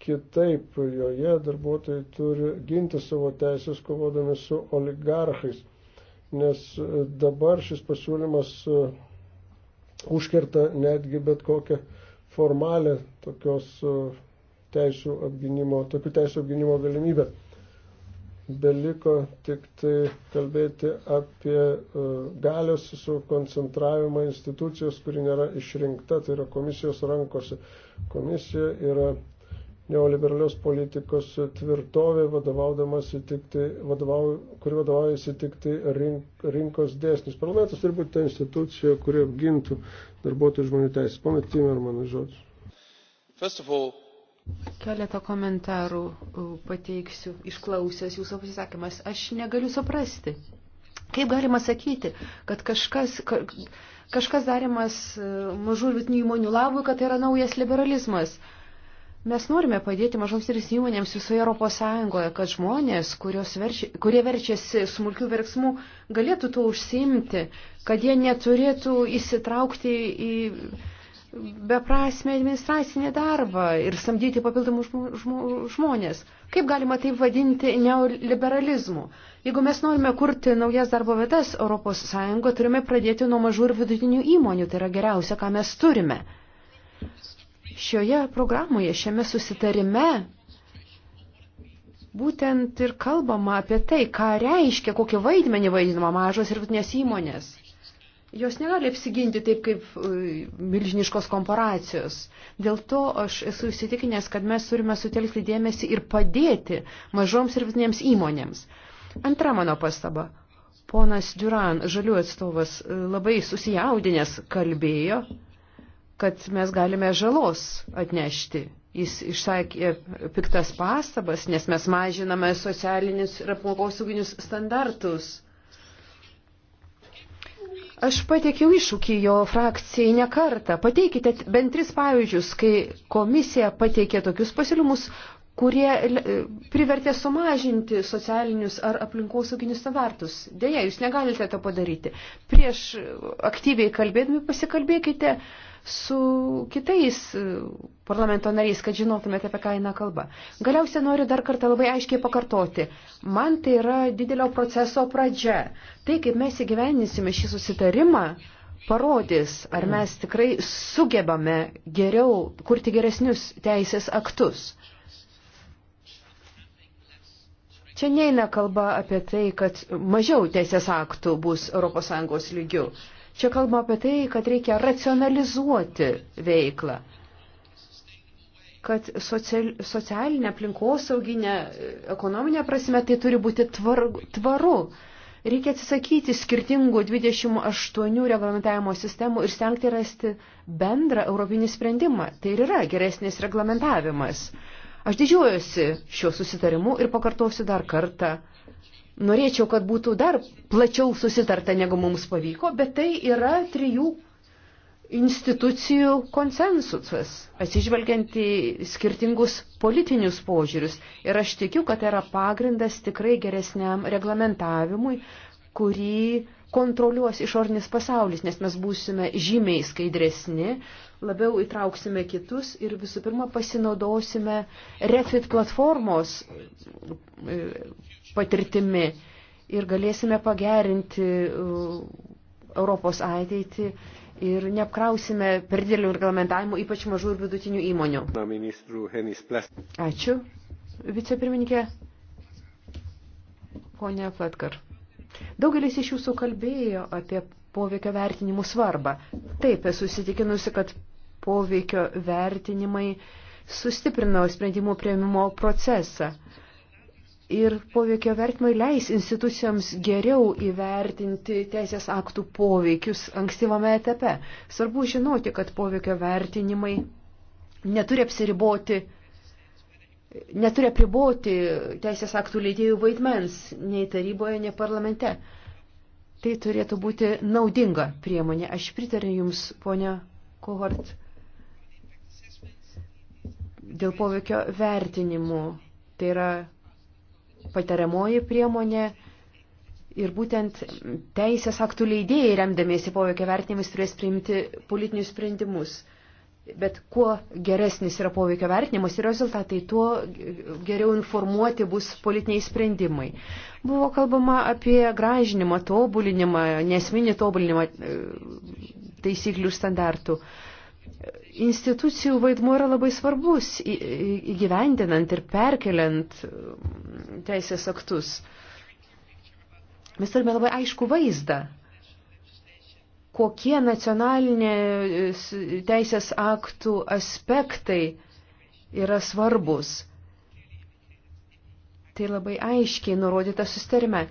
kitaip. Joje darbuotojai turi ginti savo teisės kovodami su oligarchais, nes e, dabar šis pasiūlymas e, užkerta netgi bet kokią formalę tokios e, teisų apginimo, tokių teisų apginimo galimybę. Beliko tik tai kalbėti apie galios sukoncentravimą institucijos, kuri nėra išrinkta, tai yra komisijos rankose. Komisija yra neoliberalios politikos tvirtovė, tik tai, vadovau, kuri vadovaujasi tik tai rink, rinkos dėsnis. Parlamentas turi būti ta institucija, kuri apgintų darbuotojų žmonių teisės. Pana Timermanų žodžius. Keletą komentarų pateiksiu, išklausęs jūsų pasisakymas. Aš negaliu suprasti, kaip galima sakyti, kad kažkas, ka, kažkas darimas e, mažų ir vidutinių įmonių labui, kad tai yra naujas liberalizmas. Uh, Mes norime padėti mažoms ir įmonėms visoje Europos Sąjungoje, kad žmonės, verči, kurie verčiasi smulkių verksmų, galėtų tuo užsimti, kad jie neturėtų įsitraukti į beprasme administracinį darbą ir samdyti papildomus žmonės. Kaip galima tai vadinti neoliberalizmu? Jeigu mes norime kurti naujas darbo vietas Europos Sąjungoje, turime pradėti nuo mažų ir vidutinių įmonių. Tai yra geriausia, ką mes turime. Šioje programoje, šiame susitarime būtent ir kalbama apie tai, ką reiškia, kokį vaidmenį vaidinama mažos ir vidutinės įmonės. Jos negali apsiginti taip kaip e, milžiniškos korporacijos. Dėl to aš esu įsitikinęs, kad mes turime sutelkti dėmesį ir padėti mažoms ir vidutinėms įmonėms. Antra mano pastaba. Ponas Duran, žalių atstovas, e, labai susijaudinęs kalbėjo kad mes galime žalos atnešti. Jis išsakė piktas pastabas, nes mes mažiname socialinius ir apmokosauginius standartus. Aš pateikiau iššūkį jo frakcijai ne kartą. Pateikite bent tris pavyzdžius, kai komisija pateikė tokius pasiūlymus, kurie privertė sumažinti socialinius ar aplinkosauginius standartus. Deja, jūs negalite to padaryti. Prieš aktyviai kalbėdami pasikalbėkite su kitais e, parlamento nariais, kad žinotumėte, apie ką eina kalba. Galiausiai noriu dar kartą labai aiškiai pakartoti. Man tai yra didelio proceso pradžia. Tai, kaip mes įgyveninsime šį susitarimą, parodys, ar mes tikrai sugebame geriau kurti geresnius teisės aktus. Čia neina kalba apie tai, kad mažiau teisės aktų bus ES lygių. Čia kalbama apie tai, kad reikia racionalizuoti veiklą, kad socialinė, aplinkosauginė, ekonominė prasme tai turi būti tvar, tvaru. Reikia atsisakyti skirtingų 28 reglamentavimo sistemų ir stengti rasti bendrą europinį sprendimą. Tai ir yra geresnis reglamentavimas. Aš didžiuojuosi šiuo susitarimu ir pakartosiu dar kartą, norėčiau, kad būtų dar plačiau susitarta, negu mums pavyko, bet tai yra trijų institucijų konsensusas, atsižvelgiant į skirtingus politinius požiūrius. Ir aš tikiu, kad tai yra pagrindas tikrai geresniam reglamentavimui, kurį kontroliuos išornis pasaulis, nes mes būsime žymiai skaidresni, labiau įtrauksime kitus ir visų pirma pasinaudosime Refit platformos patirtimi ir galėsime pagerinti uh, Europos ateitį ir neapkrausime per didelių reglamentavimų, ypač mažų ir vidutinių įmonių. Ačiū. Vicepirmininkė, ponia Flatkar. Daugelis iš jūsų kalbėjo apie poveikio vertinimų svarbą. Taip, esu įsitikinusi, kad poveikio vertinimai sustiprino sprendimų prieimimo procesą ir poveikio vertimai leis institucijoms geriau įvertinti teisės aktų poveikius ankstyvame etape. Svarbu žinoti, kad poveikio vertinimai neturi apsiriboti, neturi apriboti teisės aktų leidėjų vaidmens nei taryboje, nei parlamente. Tai turėtų būti naudinga priemonė. Aš pritariu Jums, ponia Kohort, dėl poveikio vertinimų. Tai yra patariamoji priemonė ir būtent teisės aktų leidėjai remdamiesi poveikio vertinimais turės priimti politinius sprendimus. Bet kuo geresnis yra poveikio vertinimas ir rezultatai, tuo geriau informuoti bus politiniai sprendimai. Buvo kalbama apie gražinimą, tobulinimą, nesminį tobulinimą e, taisyklių standartų. Uh, institucijų vaidmuo yra labai svarbus įgyvendinant ir perkeliant um, teisės aktus. Mes turime labai aišku vaizdą, kokie nacionalinė teisės aktų aspektai yra svarbus. Tai labai aiškiai nurodyta susitarime.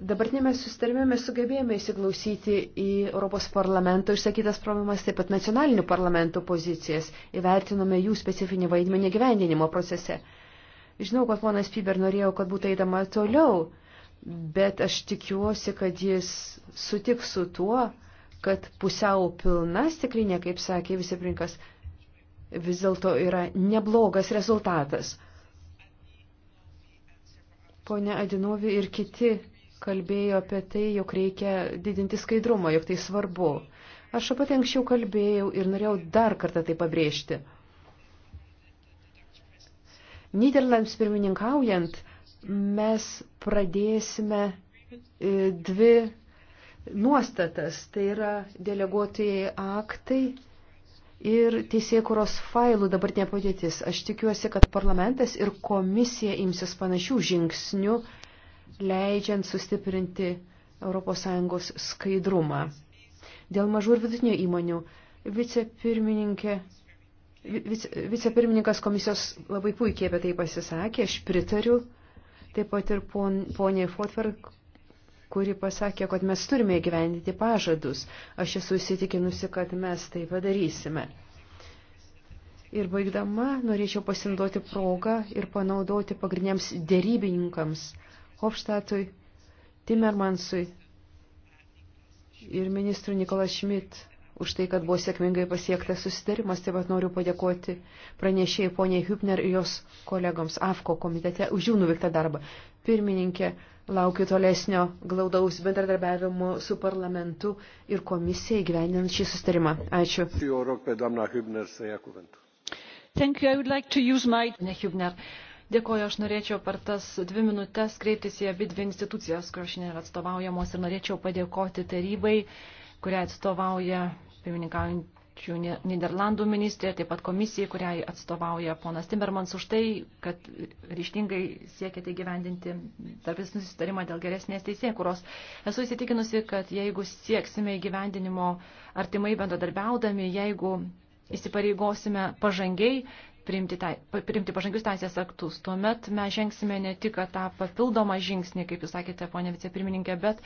Dabartinėme sustarime mes sugebėjome įsiklausyti į Europos parlamento išsakytas problemas, taip pat nacionalinių parlamentų pozicijas, įvertinome jų specifinį vaidmenį gyvendinimo procese. Žinau, kad ponas Piber norėjo, kad būtų eidama toliau, bet aš tikiuosi, kad jis sutiks su tuo, kad pusiau pilna stiklinė, kaip sakė visiprinkas, vis dėlto yra neblogas rezultatas. Pone Adinovi ir kiti kalbėjo apie tai, jog reikia didinti skaidrumą, jog tai svarbu. Aš apie tai anksčiau kalbėjau ir norėjau dar kartą tai pabrėžti. Niderlandams pirmininkaujant mes pradėsime e, dvi nuostatas, tai yra deleguotieji aktai ir teisėkuros failų dabartinė padėtis. Aš tikiuosi, kad parlamentas ir komisija imsis panašių žingsnių leidžiant sustiprinti ES skaidrumą. Dėl mažų ir vidutinių įmonių vicepirmininkė, vice, vicepirmininkas komisijos labai puikiai apie tai pasisakė, aš pritariu, taip pat ir pon, poniai Fotver, kuri pasakė, kad mes turime įgyvendinti pažadus. Aš esu įsitikinusi, kad mes tai padarysime. Ir baigdama, norėčiau pasinduoti progą ir panaudoti pagrindiniams dėrybininkams – Hofštatui, Timermansui ir ministrui Nikolas Šmit už tai, kad buvo sėkmingai pasiektas susitarimas. Taip pat noriu padėkoti pranešėjai poniai Hübner ir jos kolegoms AFKO komitete už jų nuveiktą darbą. Pirmininkė, laukiu tolesnio glaudaus bendradarbiavimo su parlamentu ir komisija įgyvendinant šį susitarimą. Ačiū. Thank you. I would like to use my... Ne, Hübner. Dėkoju, aš norėčiau per tas dvi minutės kreiptis į abi dvi institucijas, kurios šiandien yra atstovaujamos ir norėčiau padėkoti tarybai, kurią atstovauja pirmininkaujančių Niderlandų ministrė, taip pat komisijai, kuriai atstovauja ponas Timmermans už tai, kad ryštingai siekėte gyvendinti tarpis susitarimą dėl geresnės teisėkuros. Esu įsitikinusi, kad jeigu sieksime įgyvendinimo artimai bendradarbiaudami, jeigu įsipareigosime pažangiai, priimti, tai, priimti pažangius teisės aktus. Tuomet mes žengsime ne tik tą papildomą žingsnį, kaip jūs sakėte, ponė vicepirmininkė, bet,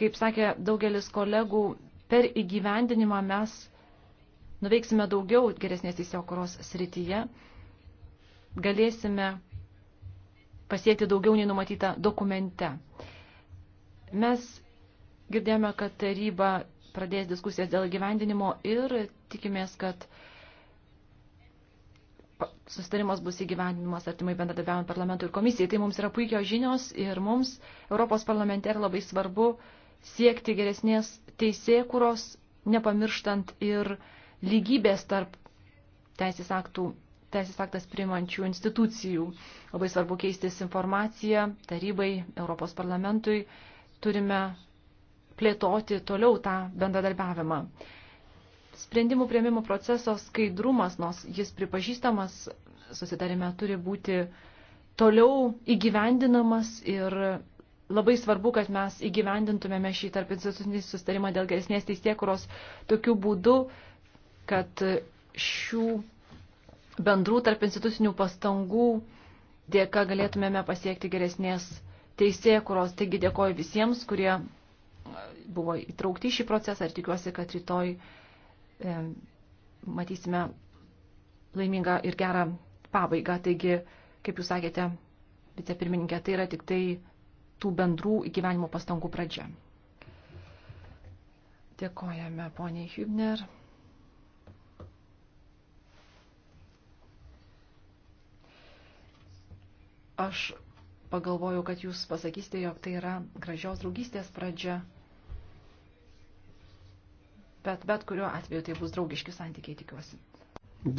kaip sakė daugelis kolegų, per įgyvendinimą mes nuveiksime daugiau geresnės teisėkuros srityje, galėsime pasiekti daugiau nei numatyta dokumente. Mes girdėjome, kad taryba pradės diskusijas dėl gyvendinimo ir tikimės, kad uh, sustarimas bus įgyvendinimas artimai bendradarbiaujant parlamentui ir komisijai. Tai mums yra puikios žinios ir mums Europos parlamente yra labai svarbu siekti geresnės teisėkuros, nepamirštant ir lygybės tarp teisės aktų teisės aktas priimančių institucijų. Labai svarbu keistis informaciją tarybai, Europos parlamentui. Turime plėtoti toliau tą bendradarbiavimą. Sprendimų prieimimo proceso skaidrumas, nors jis pripažįstamas susitarime, turi būti toliau įgyvendinamas ir labai svarbu, kad mes įgyvendintumėme šį tarp institucinį sustarimą dėl geresnės teisėkuros tokiu būdu, kad šių bendrų tarp institucinių pastangų dėka galėtumėme pasiekti geresnės teisėkuros. Taigi dėkoju visiems, kurie buvo įtraukti į šį procesą ir tikiuosi, kad rytoj E, matysime laimingą ir gerą pabaigą. Taigi, kaip jūs sakėte, vicepirmininkė, tai yra tik tai tų bendrų įgyvenimo pastangų pradžia. Dėkojame poniai Hübner. Aš pagalvojau, kad jūs pasakysite, jog tai yra gražios draugystės pradžia bet bet kuriuo atveju tai bus draugiški santykiai, tikiuosi.